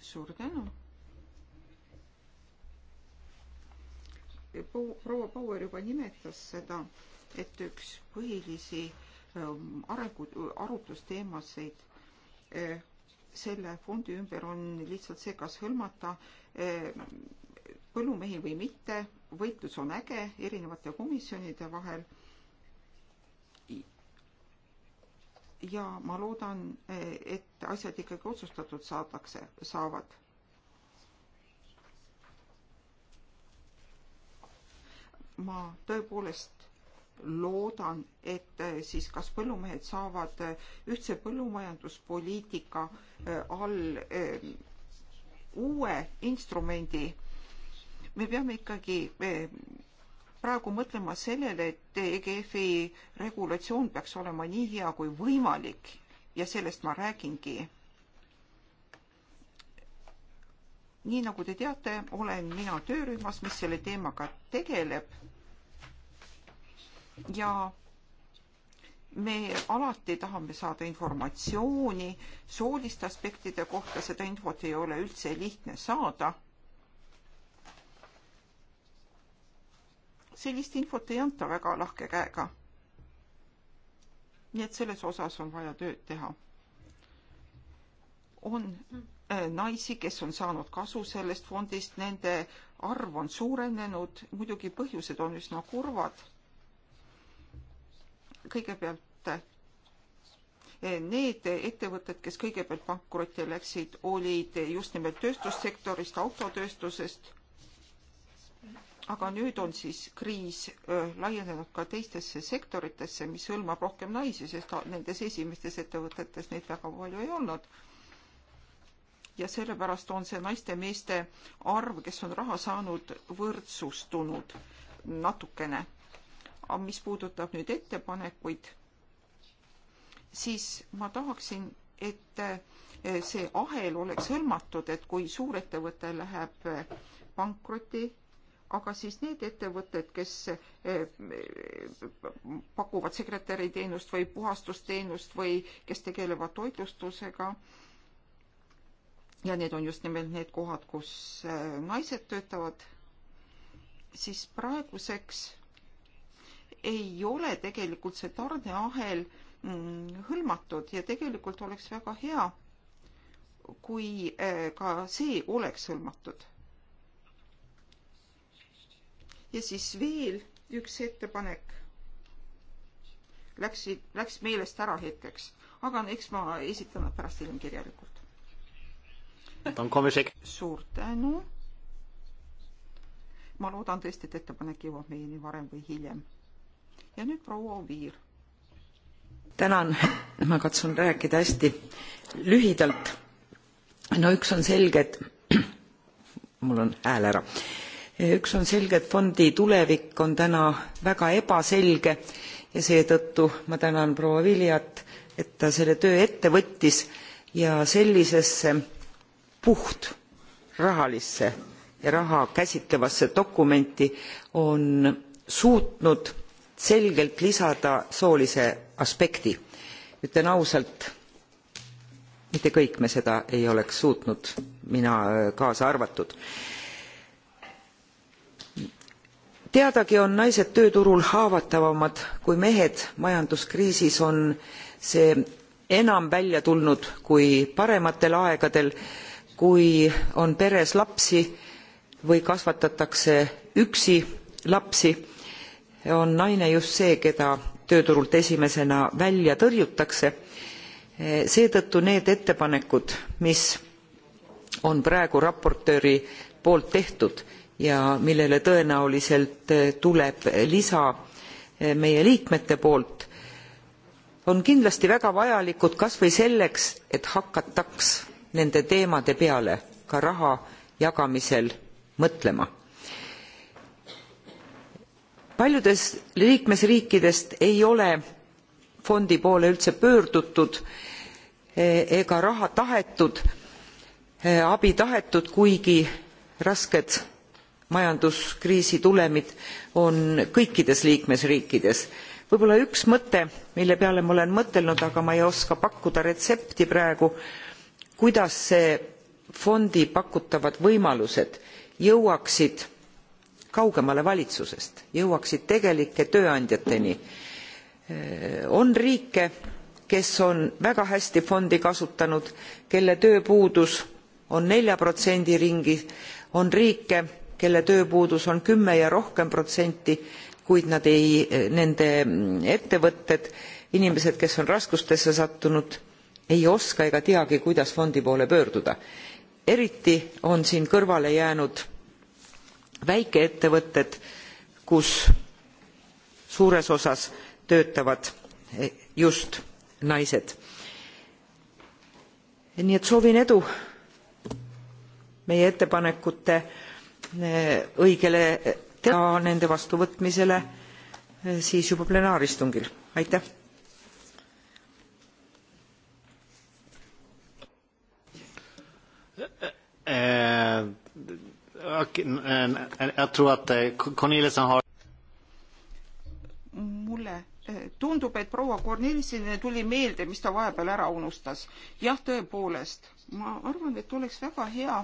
Speaker 2: suur tänu!
Speaker 3: proua Bauer juba nimetas seda, et üks põhilisi ähm, arengu, arutlusteemasid äh, selle fondi ümber on lihtsalt see, kas hõlmata äh, põllumehi või mitte. võitlus on äge erinevate komisjonide vahel ja ma loodan, et asjad ikkagi otsustatud saadakse, saavad. ma tõepoolest loodan, et siis kas põllumehed saavad ühtse põllumajanduspoliitika äh, all äh, uue instrumendi. me peame ikkagi äh, praegu mõtlema sellele, et EGF-i regulatsioon peaks olema nii hea kui võimalik ja sellest ma räägingi. nii nagu te teate, olen mina töörühmas, mis selle teemaga tegeleb. ja me alati tahame saada informatsiooni sooliste aspektide kohta, seda infot ei ole üldse lihtne saada sellist infot ei anta väga lahke käega. nii et selles osas on vaja tööd teha. on äh, naisi, kes on saanud kasu sellest fondist, nende arv on suurenenud, muidugi põhjused on üsna kurvad. kõigepealt äh, need ettevõtted, kes kõigepealt pankrotti läksid, olid just nimelt tööstussektorist, autotööstusest aga nüüd on siis kriis laienenud ka teistesse sektoritesse, mis hõlmab rohkem naisi, sest nendes esimestes ettevõtetes neid väga palju ei olnud. ja sellepärast on see naiste-meeste arv, kes on raha saanud, võrdsustunud natukene. aga mis puudutab nüüd ettepanekuid, siis ma tahaksin, et see ahel oleks hõlmatud, et kui suurettevõte läheb pankrotti, aga siis need ettevõtted, kes eh, pakuvad sekretäriteenust või puhastusteenust või kes tegelevad toitlustusega, ja need on just nimelt need kohad, kus eh, naised töötavad, siis praeguseks ei ole tegelikult see tarneahel mm, hõlmatud ja tegelikult oleks väga hea, kui eh, ka see oleks hõlmatud ja siis veel üks ettepanek läks, läks meelest ära hetkeks, aga eks ma esitan nad pärast hiljem kirjalikult. suur tänu. ma loodan tõesti, et ettepanek jõuab meieni varem või hiljem. ja nüüd proua Oviir.
Speaker 5: tänan, ma katsun rääkida hästi lühidalt. no üks on selge, et mul on hääl ära üks on selge et fondi tulevik on täna väga ebaselge ja seetõttu ma tänan proua viljat et ta selle töö ette võttis ja sellisesse puht rahalisse ja raha käsitlevasse dokumenti on suutnud selgelt lisada soolise aspekti. ütlen ausalt mitte kõik me seda ei oleks suutnud mina äh, kaasa arvatud teadagi on naised tööturul haavatavamad kui mehed majanduskriisis on see enam välja tulnud kui parematel aegadel kui on peres lapsi või kasvatatakse üksi lapsi on naine just see keda tööturult esimesena välja tõrjutakse seetõttu need ettepanekud mis on praegu raportööri poolt tehtud ja millele tõenäoliselt eh, tuleb lisa eh, meie liikmete poolt on kindlasti väga vajalikud kas või selleks et hakataks nende teemade peale ka raha jagamisel mõtlema. paljudes liikmesriikidest ei ole fondi poole üldse pöördutud eh, ega raha tahetud abi tahetud kuigi rasked majanduskriisi tulemid on kõikides liikmesriikides. võib-olla üks mõte mille peale ma olen mõtelnud aga ma ei oska pakkuda retsepti praegu kuidas see fondi pakutavad võimalused jõuaksid kaugemale valitsusest jõuaksid tegelike tööandjateni. on riike kes on väga hästi fondi kasutanud kelle tööpuudus on nelja protsendi ringis on riike kelle tööpuudus on kümme ja rohkem protsenti kuid nad ei nende ettevõtted inimesed kes on raskustesse sattunud ei oska ega teagi kuidas fondi poole pöörduda. eriti on siin kõrvale jäänud väikeettevõtted kus suures osas töötavad just naised. nii et soovin edu meie ettepanekute Eh, õigele ja eh, nende vastuvõtmisele eh, siis juba plenaaristungil. aitäh!
Speaker 3: mulle tundub, et proua Kornelisele tuli meelde, mis ta vahepeal ära unustas. jah, tõepoolest, ma arvan, et oleks väga hea,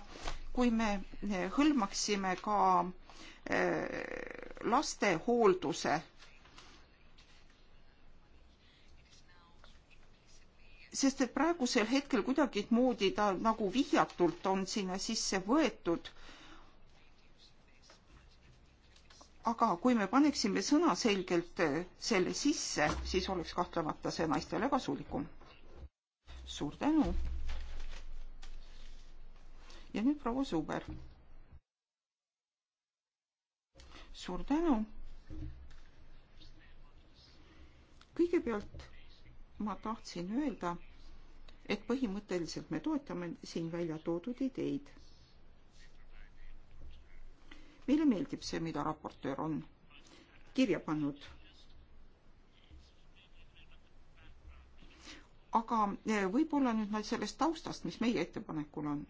Speaker 3: kui me eh, hõlmaksime ka eh, lastehoolduse, sest et praegusel hetkel kuidagimoodi ta nagu vihjatult on sinna sisse võetud. aga kui me paneksime sõnaselgelt eh, selle sisse, siis oleks kahtlemata see naistele kasulikum. suur tänu ja nüüd proua Suuber. suur tänu. kõigepealt ma tahtsin öelda, et põhimõtteliselt me toetame siin välja toodud ideid. meile meeldib see, mida raportöör on kirja pannud aga võib-olla nüüd sellest taustast, mis meie ettepanekul on.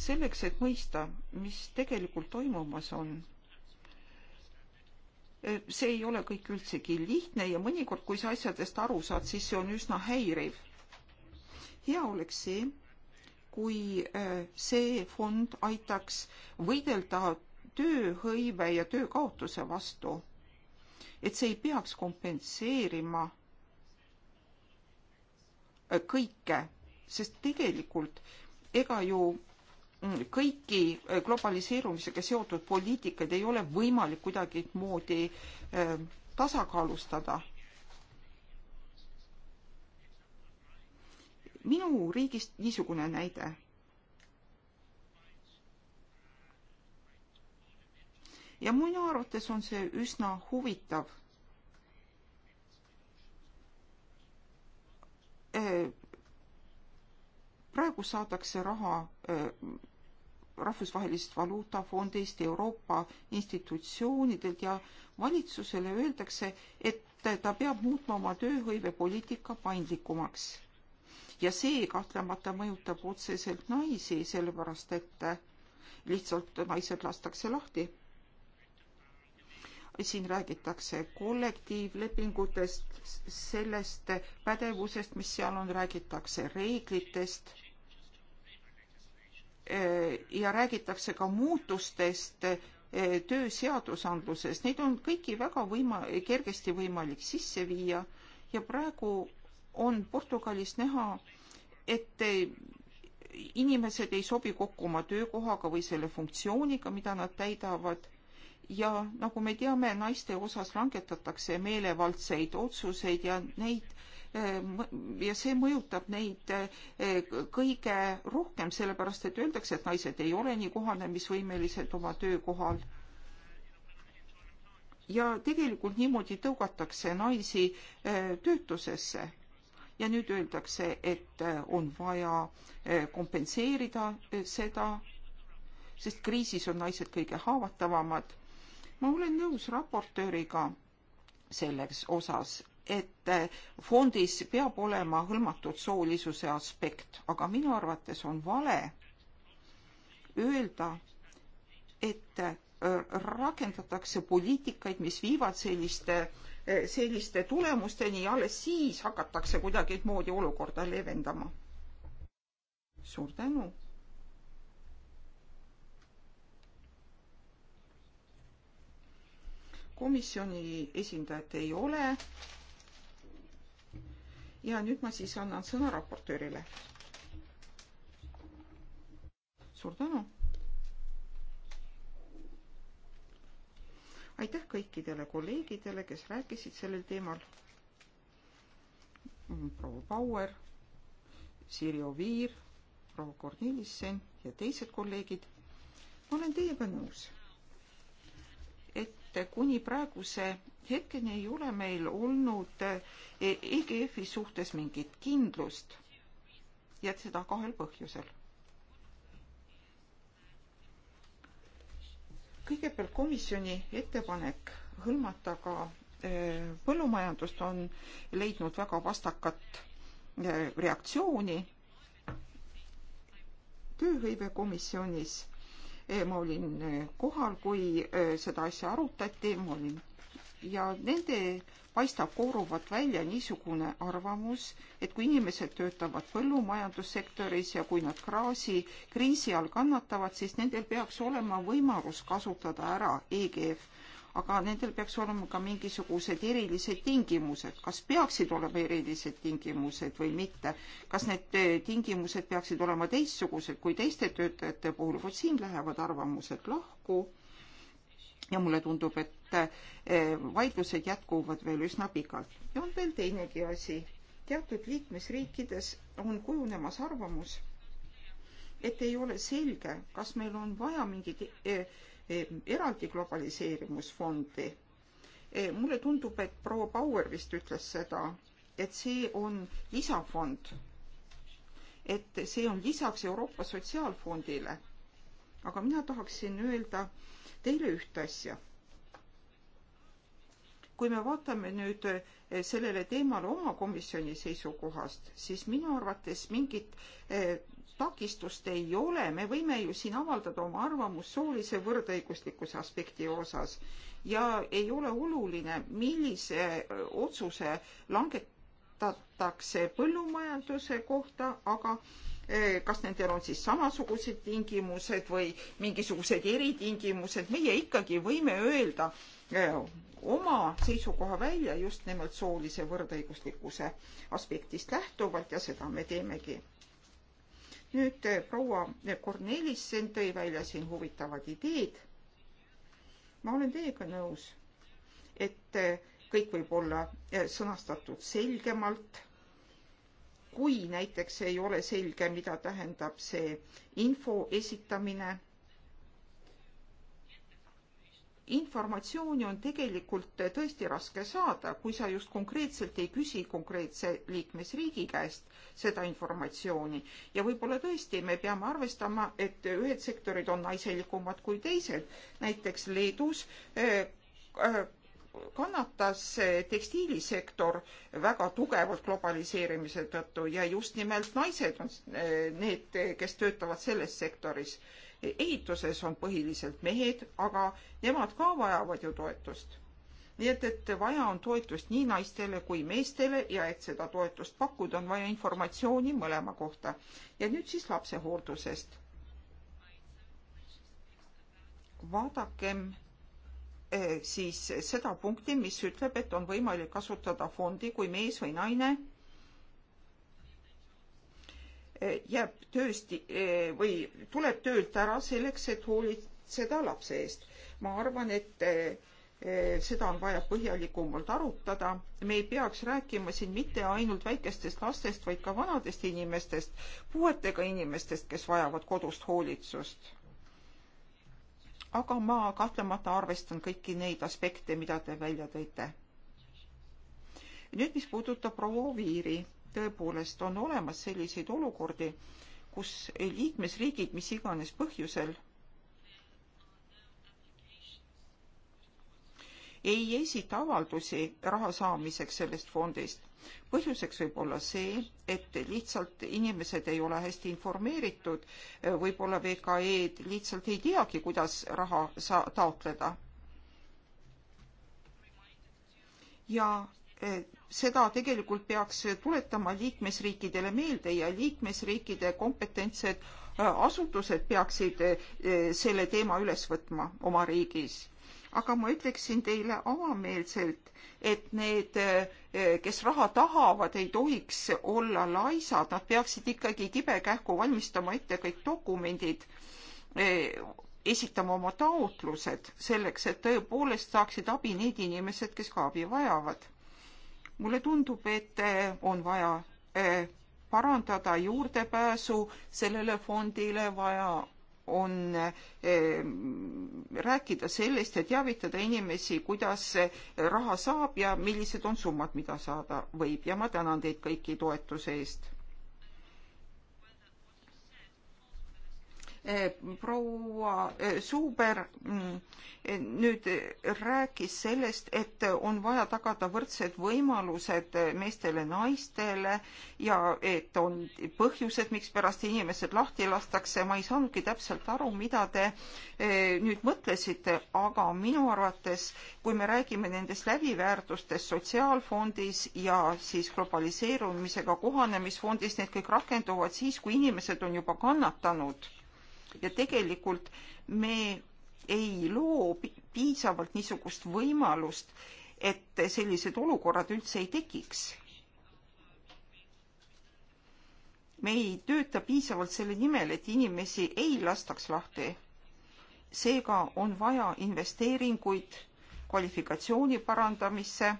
Speaker 3: selleks, et mõista, mis tegelikult toimumas on eh, see ei ole kõik üldsegi lihtne ja mõnikord, kui sa asjadest aru saad, siis see on üsna häiriv. hea oleks see, kui eh, see fond aitaks võidelda tööhõive ja töökaotuse vastu. et see ei peaks kompenseerima eh, kõike, sest tegelikult ega ju kõiki äh, globaliseerumisega seotud poliitikaid ei ole võimalik kuidagimoodi äh, tasakaalustada. minu riigist niisugune näide. ja minu arvates on see üsna huvitav äh, praegu saadakse raha rahvusvahelist valuutafondist, Euroopa institutsioonidelt ja valitsusele öeldakse, et ta peab muutma oma tööhõivepoliitika paindlikumaks. ja see kahtlemata mõjutab otseselt naisi, sellepärast et lihtsalt naised lastakse lahti. siin räägitakse kollektiivlepingutest, sellest pädevusest, mis seal on, räägitakse reeglitest Äh, ja räägitakse ka muutustest äh, tööseadusandluses, neid on kõiki väga võima-, kergesti võimalik sisse viia ja praegu on Portugalis näha, et äh, inimesed ei sobi kokku oma töökohaga või selle funktsiooniga, mida nad täidavad. ja nagu me teame, naiste osas langetatakse meelevaldseid otsuseid ja neid Äh, ja see mõjutab neid äh, kõige rohkem, sellepärast et öeldakse, et naised ei ole nii kohanemisvõimelised oma töökohal. ja tegelikult niimoodi tõugatakse naisi äh, töötusesse ja nüüd öeldakse, et on vaja kompenseerida seda, sest kriisis on naised kõige haavatavamad. ma olen nõus raportööriga selles osas, et eh, fondis peab olema hõlmatud soolisuse aspekt, aga minu arvates on vale öelda, et eh, rakendatakse poliitikaid, mis viivad selliste, eh, selliste tulemusteni ja alles siis hakatakse kuidagimoodi olukorda leevendama. suur tänu. komisjoni esindajat ei ole ja nüüd ma siis annan sõna raportöörile. suur tänu. aitäh kõikidele kolleegidele, kes rääkisid sellel teemal. Mm, proua Bauer, Sirje Oviir, proua Kornelissen ja teised kolleegid. ma olen teiega nõus, et kuni praeguse hetkeni ei ole meil olnud EGF-i eh, e suhtes mingit kindlust ja seda kahel põhjusel. kõigepealt komisjoni ettepanek hõlmata ka eh, põllumajandust on leidnud väga vastakat eh, reaktsiooni tööhõivekomisjonis ma olin kohal, kui seda asja arutati, ma olin ja nende paistab kooruvat välja niisugune arvamus, et kui inimesed töötavad põllumajandussektoris ja kui nad kraasi, kriisi all kannatavad, siis nendel peaks olema võimalus kasutada ära EGF. aga nendel peaks olema ka mingisugused erilised tingimused, kas peaksid olema erilised tingimused või mitte, kas need äh, tingimused peaksid olema teistsugused kui teiste töötajate puhul, vot siin lähevad arvamused lahku ja mulle tundub, et e, vaidlused jätkuvad veel üsna pikalt. ja on veel teinegi asi. teatud liikmesriikides on kujunemas arvamus, et ei ole selge, kas meil on vaja mingit e, e, eraldi globaliseerimisfondi. mulle tundub, et proua Bauer vist ütles seda, et see on lisafond, et see on lisaks Euroopa Sotsiaalfondile. aga mina tahaksin öelda, teile ühte asja. kui me vaatame nüüd eh, sellele teemale oma komisjoni seisukohast, siis minu arvates mingit eh, takistust ei ole, me võime ju siin avaldada oma arvamust soolise võrdõiguslikkuse aspekti osas ja ei ole oluline, millise eh, otsuse langetatakse põllumajanduse kohta, aga Eh, kas nendel on siis samasugused tingimused või mingisugused eritingimused, meie ikkagi võime öelda eh, oma seisukoha välja just nimelt soolise võrdõiguslikkuse aspektist lähtuvalt ja seda me teemegi. nüüd eh, proua Kornelissen tõi välja siin huvitavad ideed. ma olen teiega nõus, et kõik võib olla sõnastatud selgemalt kui näiteks ei ole selge, mida tähendab see info esitamine. informatsiooni on tegelikult tõesti raske saada, kui sa just konkreetselt ei küsi konkreetse liikmesriigi käest seda informatsiooni ja võib-olla tõesti me peame arvestama, et ühed sektorid on naiselikumad kui teised, näiteks Leedus äh, äh, kannatas tekstiilisektor väga tugevalt globaliseerimise tõttu ja just nimelt naised on eh, need, kes töötavad selles sektoris. ehituses on põhiliselt mehed, aga nemad ka vajavad ju toetust. nii et, et vaja on toetust nii naistele kui meestele ja et seda toetust pakkuda, on vaja informatsiooni mõlema kohta. ja nüüd siis lapsehooldusest. vaadakem Eh, siis seda punkti, mis ütleb, et on võimalik kasutada fondi, kui mees või naine eh, jääb tööst eh, või tuleb töölt ära selleks, et hoolitseda lapse eest. ma arvan, et seda on vaja põhjalikumalt arutada. me ei peaks rääkima siin mitte ainult väikestest lastest, vaid ka vanadest inimestest, puuetega inimestest, kes vajavad kodust hoolitsust aga ma kahtlemata arvestan kõiki neid aspekte, mida te välja tõite. nüüd, mis puudutab proua Oviiri, tõepoolest on olemas selliseid olukordi, kus liikmesriigid mis iganes põhjusel ei esita avaldusi raha saamiseks sellest fondist. põhjuseks võib olla see, et lihtsalt inimesed ei ole hästi informeeritud, võib-olla VKE-d lihtsalt ei teagi, kuidas raha saa-, taotleda. ja eh, seda tegelikult peaks tuletama liikmesriikidele meelde ja liikmesriikide kompetentsed eh, asutused peaksid eh, selle teema üles võtma oma riigis aga ma ütleksin teile avameelselt, et need, eh, kes raha tahavad, ei tohiks olla laisad, nad peaksid ikkagi kibekähku valmistama ette kõik dokumendid, eh, esitama oma taotlused selleks, et tõepoolest saaksid abi need inimesed, kes ka abi vajavad. mulle tundub, et eh, on vaja parandada juurdepääsu sellele fondile, vaja on eh, rääkida sellest ja teavitada inimesi, kuidas raha saab ja millised on summad, mida saada võib ja ma tänan teid kõiki toetuse eest. Eh, proua eh, Suuber mm, eh, nüüd rääkis sellest, et on vaja tagada võrdsed võimalused meestele, naistele ja et on põhjused, mikspärast inimesed lahti lastakse. ma ei saanudki täpselt aru, mida te nüüd mõtlesite, aga minu arvates, kui me räägime nendest läbiväärtustest sotsiaalfondis ja siis globaliseerumisega kohanemisfondis, need kõik rakenduvad siis, kui inimesed on juba kannatanud ja tegelikult me ei loo piisavalt niisugust võimalust, et sellised olukorrad üldse ei tekiks. me ei tööta piisavalt selle nimel, et inimesi ei lastaks lahti. seega on vaja investeeringuid kvalifikatsiooni parandamisse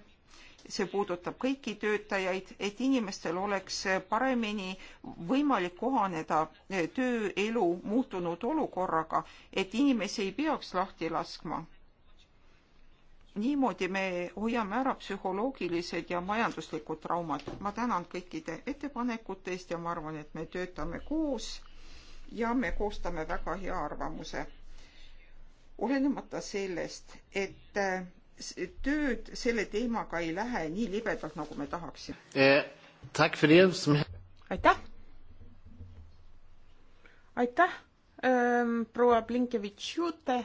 Speaker 3: see puudutab kõiki töötajaid, et inimestel oleks paremini võimalik kohaneda tööelu muutunud olukorraga, et inimesi ei peaks lahti laskma. niimoodi me hoiame ära psühholoogilised ja majanduslikud traumad. ma tänan kõikide ettepanekute eest ja ma arvan, et me töötame koos ja me koostame väga hea arvamuse. olenemata sellest, et tööd selle teemaga ei lähe nii
Speaker 4: libedalt, nagu me tahaksime. Eh, aitäh. aitäh, ähm, proua Blinkevitš-Jute.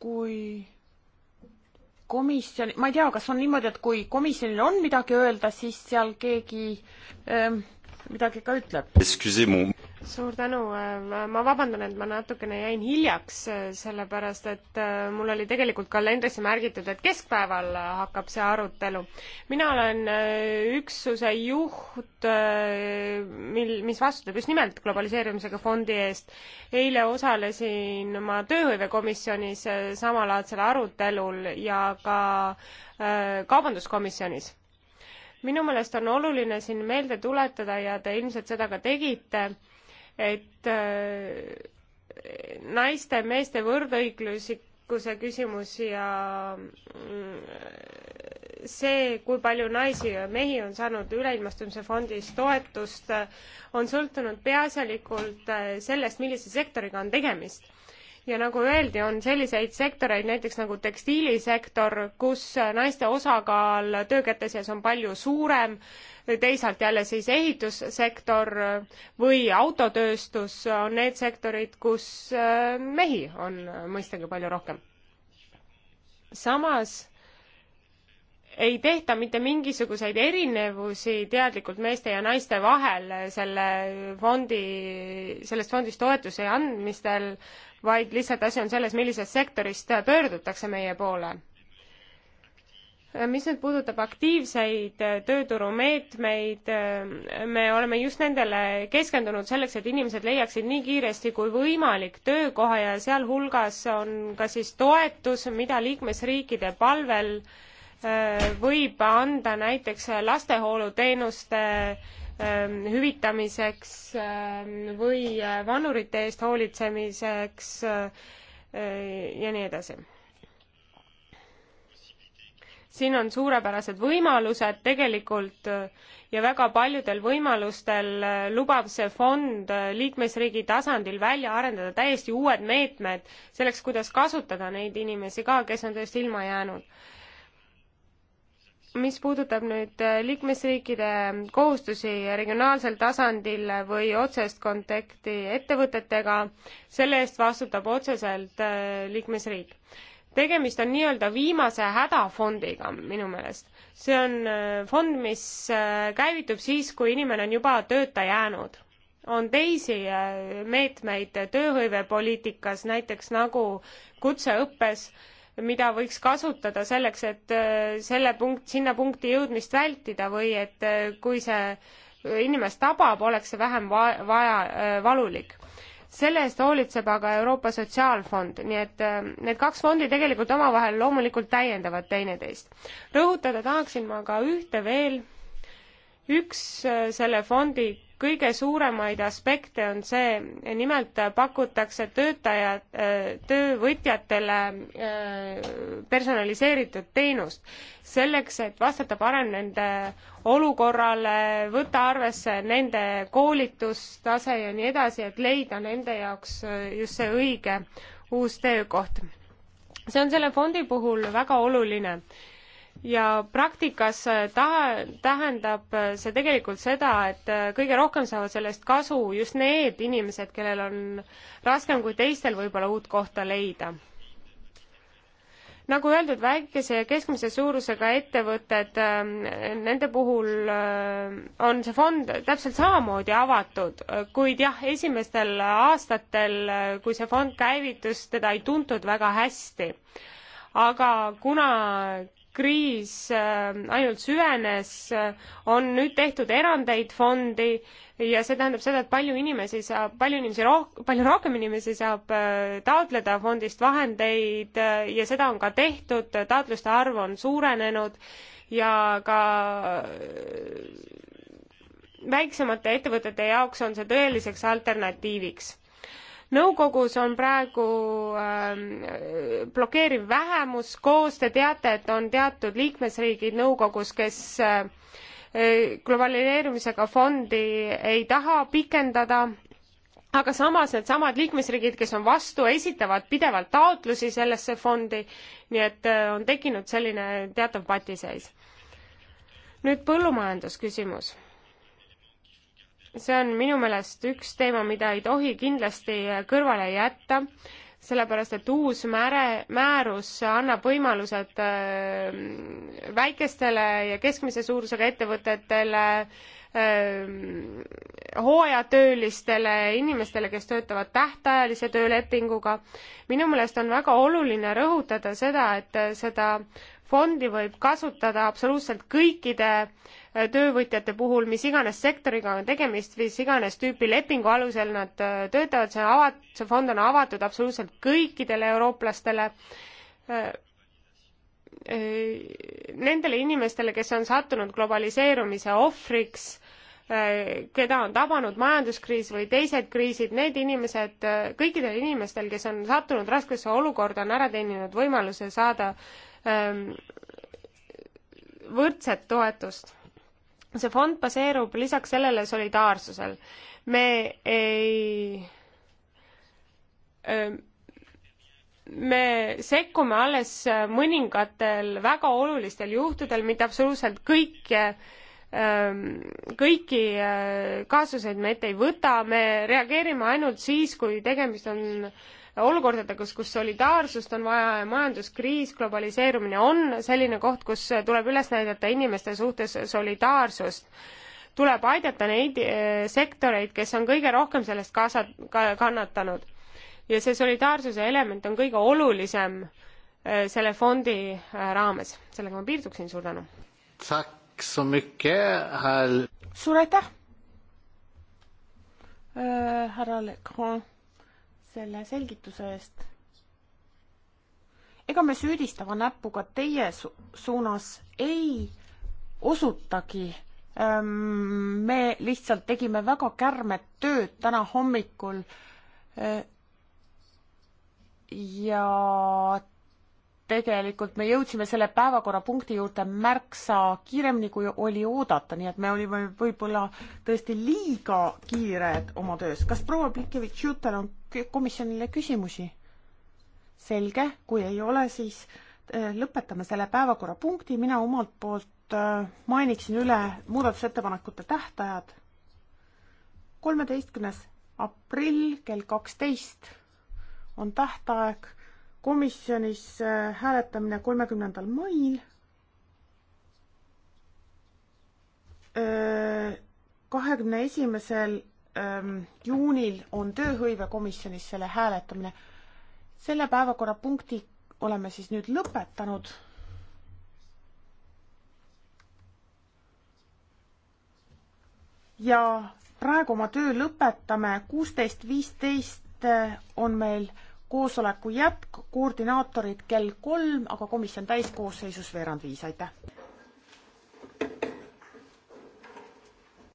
Speaker 4: kui komisjon, ma ei tea, kas on niimoodi, et kui komisjonil on midagi
Speaker 2: öelda, siis seal keegi ähm, midagi ka ütleb suur tänu, äh, ma vabandan, et ma natukene jäin hiljaks, äh, sellepärast et äh, mul oli tegelikult kalendrisse märgitud, et keskpäeval hakkab see arutelu. mina olen üksuse juht, mil, mis vastutab just nimelt globaliseerimisega fondi eest. eile osalesin oma tööhõivekomisjonis samalaadsel arutelul ja ka kaubanduskomisjonis minu meelest on oluline siin meelde tuletada ja te ilmselt seda ka tegite, et äh, naiste, meeste võrdõiguslikkuse küsimus ja mm, see, kui palju naisi ja mehi on saanud Üleilmastumise fondist toetust, on sõltunud peaasjalikult äh, sellest, millise sektoriga on tegemist. ja nagu öeldi, on selliseid sektoreid, näiteks nagu tekstiilisektor, kus naiste osakaal töökäte seas on palju suurem teisalt jälle siis ehitussektor või autotööstus on need sektorid, kus äh, mehi on mõistagi palju rohkem. samas ei tehta mitte mingisuguseid erinevusi teadlikult meeste ja naiste vahel selle fondi, sellest fondist toetuse andmistel, vaid lihtsalt asi on selles, millisest sektorist pöördutakse meie poole mis nüüd puudutab aktiivseid äh, tööturumeetmeid, äh, me oleme just nendele keskendunud selleks, et inimesed leiaksid nii kiiresti kui võimalik töökoha ja sealhulgas on ka siis toetus, mida liikmesriikide palvel äh, võib anda näiteks lastehooluteenuste ähm, hüvitamiseks ähm, või vanurite eest hoolitsemiseks ja nii edasi siin on suurepärased võimalused tegelikult äh, ja väga paljudel võimalustel äh, lubab see fond äh, liikmesriigi tasandil välja arendada täiesti uued meetmed selleks, kuidas kasutada neid inimesi ka, kes on tööst ilma jäänud. mis puudutab nüüd liikmesriikide kohustusi regionaalsel tasandil või otsest kontakti ettevõtetega, selle eest vastutab otseselt liikmesriik tegemist on nii-öelda viimase hädafondiga minu meelest. see on äh, fond, mis äh, käivitub siis, kui inimene on juba tööta jäänud. on teisi äh, meetmeid tööhõivepoliitikas, näiteks nagu kutseõppes, mida võiks kasutada selleks, et selle punkt, sinna punkti jõudmist vältida või et kui see inimest tabab, oleks see vähem va-, vaja, valulik selle eest hoolitseb aga Euroopa Sotsiaalfond, nii et äh, need kaks fondi tegelikult omavahel loomulikult täiendavad teineteist. rõhutada tahaksin ma ka ühte veel, üks äh, selle fondi kõige suuremaid aspekte on see, nimelt pakutakse töötajad, töövõtjatele äh, personaliseeritud teenust. selleks, et vastata parem nende olukorrale, võtta arvesse nende koolitustase ja nii edasi, et leida nende jaoks äh, just see õige uus töökoht. see on selle fondi puhul väga oluline ja praktikas äh, taha, tähendab äh, see tegelikult seda, et äh, kõige rohkem saavad sellest kasu just need inimesed, kellel on raskem kui teistel võib-olla uut kohta leida. nagu öeldud, väikese ja keskmise suurusega ettevõtted, nende puhul on see fond täpselt samamoodi avatud, kuid jah, esimestel aastatel, kui see fond käivitus, teda ei tuntud väga hästi aga kuna kriis äh, ainult süvenes, äh, on nüüd tehtud erandeid fondi ja see tähendab seda, et palju inimesi saab, palju inimesi roh-, palju rohkem inimesi saab äh, taotleda fondist vahendeid ja seda on ka tehtud, taotluste arv on suurenenud ja ka väiksemate ettevõtete jaoks on see tõeliseks alternatiiviks nõukogus on praegu äh, blokeeriv vähemus koos, te teate, et on teatud liikmesriigid nõukogus, kes äh, globaliseerumisega fondi ei taha pikendada aga samas needsamad liikmesriigid, kes on vastu, esitavad pidevalt taotlusi sellesse fondi, nii et äh, on tekkinud selline teatav patiseis. nüüd põllumajandusküsimus see on minu meelest üks teema, mida ei tohi kindlasti kõrvale jätta, sellepärast et uus määre, määrus annab võimalused äh, väikestele ja keskmise suurusega ettevõtetele, äh, hooajatöölistele, inimestele, kes töötavad tähtajalise töölepinguga. minu meelest on väga oluline rõhutada seda, et seda fondi võib kasutada absoluutselt kõikide äh, töövõtjate puhul, mis iganes sektoriga on tegemist, mis iganes tüüpi lepingu alusel nad äh, töötavad, see on avat-, see fond on avatud absoluutselt kõikidele eurooplastele, äh, äh, nendele inimestele, kes on sattunud globaliseerumise ohvriks, keda on tabanud majanduskriis või teised kriisid, need inimesed, kõikidel inimestel, kes on sattunud raskesse olukorda, on ära teeninud võimaluse saada ähm, võrdset toetust see fond baseerub lisaks sellele solidaarsusel. me ei ähm, me sekkume alles mõningatel väga olulistel juhtudel, mitte absoluutselt kõike, ähm, kõiki äh, kaasuseid me ette ei võta, me reageerime ainult siis, kui tegemist on äh, olukordades, kus solidaarsust on vaja ja majanduskriis, globaliseerumine on selline koht, kus tuleb üles näidata inimeste suhtes solidaarsust. tuleb aidata neid eh, sektoreid, kes on kõige rohkem sellest kaasa ka,, kannatanud. ja see solidaarsuse element on kõige olulisem eh, selle fondi eh, raames. sellega ma piirduksin, suur tänu. suur aitäh!
Speaker 4: härra Legrand selle selgituse eest. ega me süüdistava näpuga teie su suunas ei osutagi me lihtsalt tegime väga kärmet tööd täna hommikul. E, ja tegelikult me jõudsime selle päevakorrapunkti juurde märksa kiiremini, kui oli oodata, nii et me olime võib-olla tõesti liiga kiired oma töös. kas proua Plikivitš-Jutel on komisjonile küsimusi? selge, kui ei ole, siis äh, lõpetame selle päevakorrapunkti, mina omalt poolt äh, mainiksin üle muudatusettepanekute tähtajad. kolmeteistkümnes aprill kell kaksteist on tähtaeg, komisjonis äh, hääletamine kolmekümnendal mail. kahekümne esimesel Ehm, juunil on tööhõivekomisjonis selle hääletamine. selle päevakorrapunkti oleme siis nüüd lõpetanud. ja praegu oma töö lõpetame, kuusteist viisteist eh, on meil koosoleku jätk, koordinaatorid kell kolm, aga komisjon täiskoosseisus veerand viis, aitäh!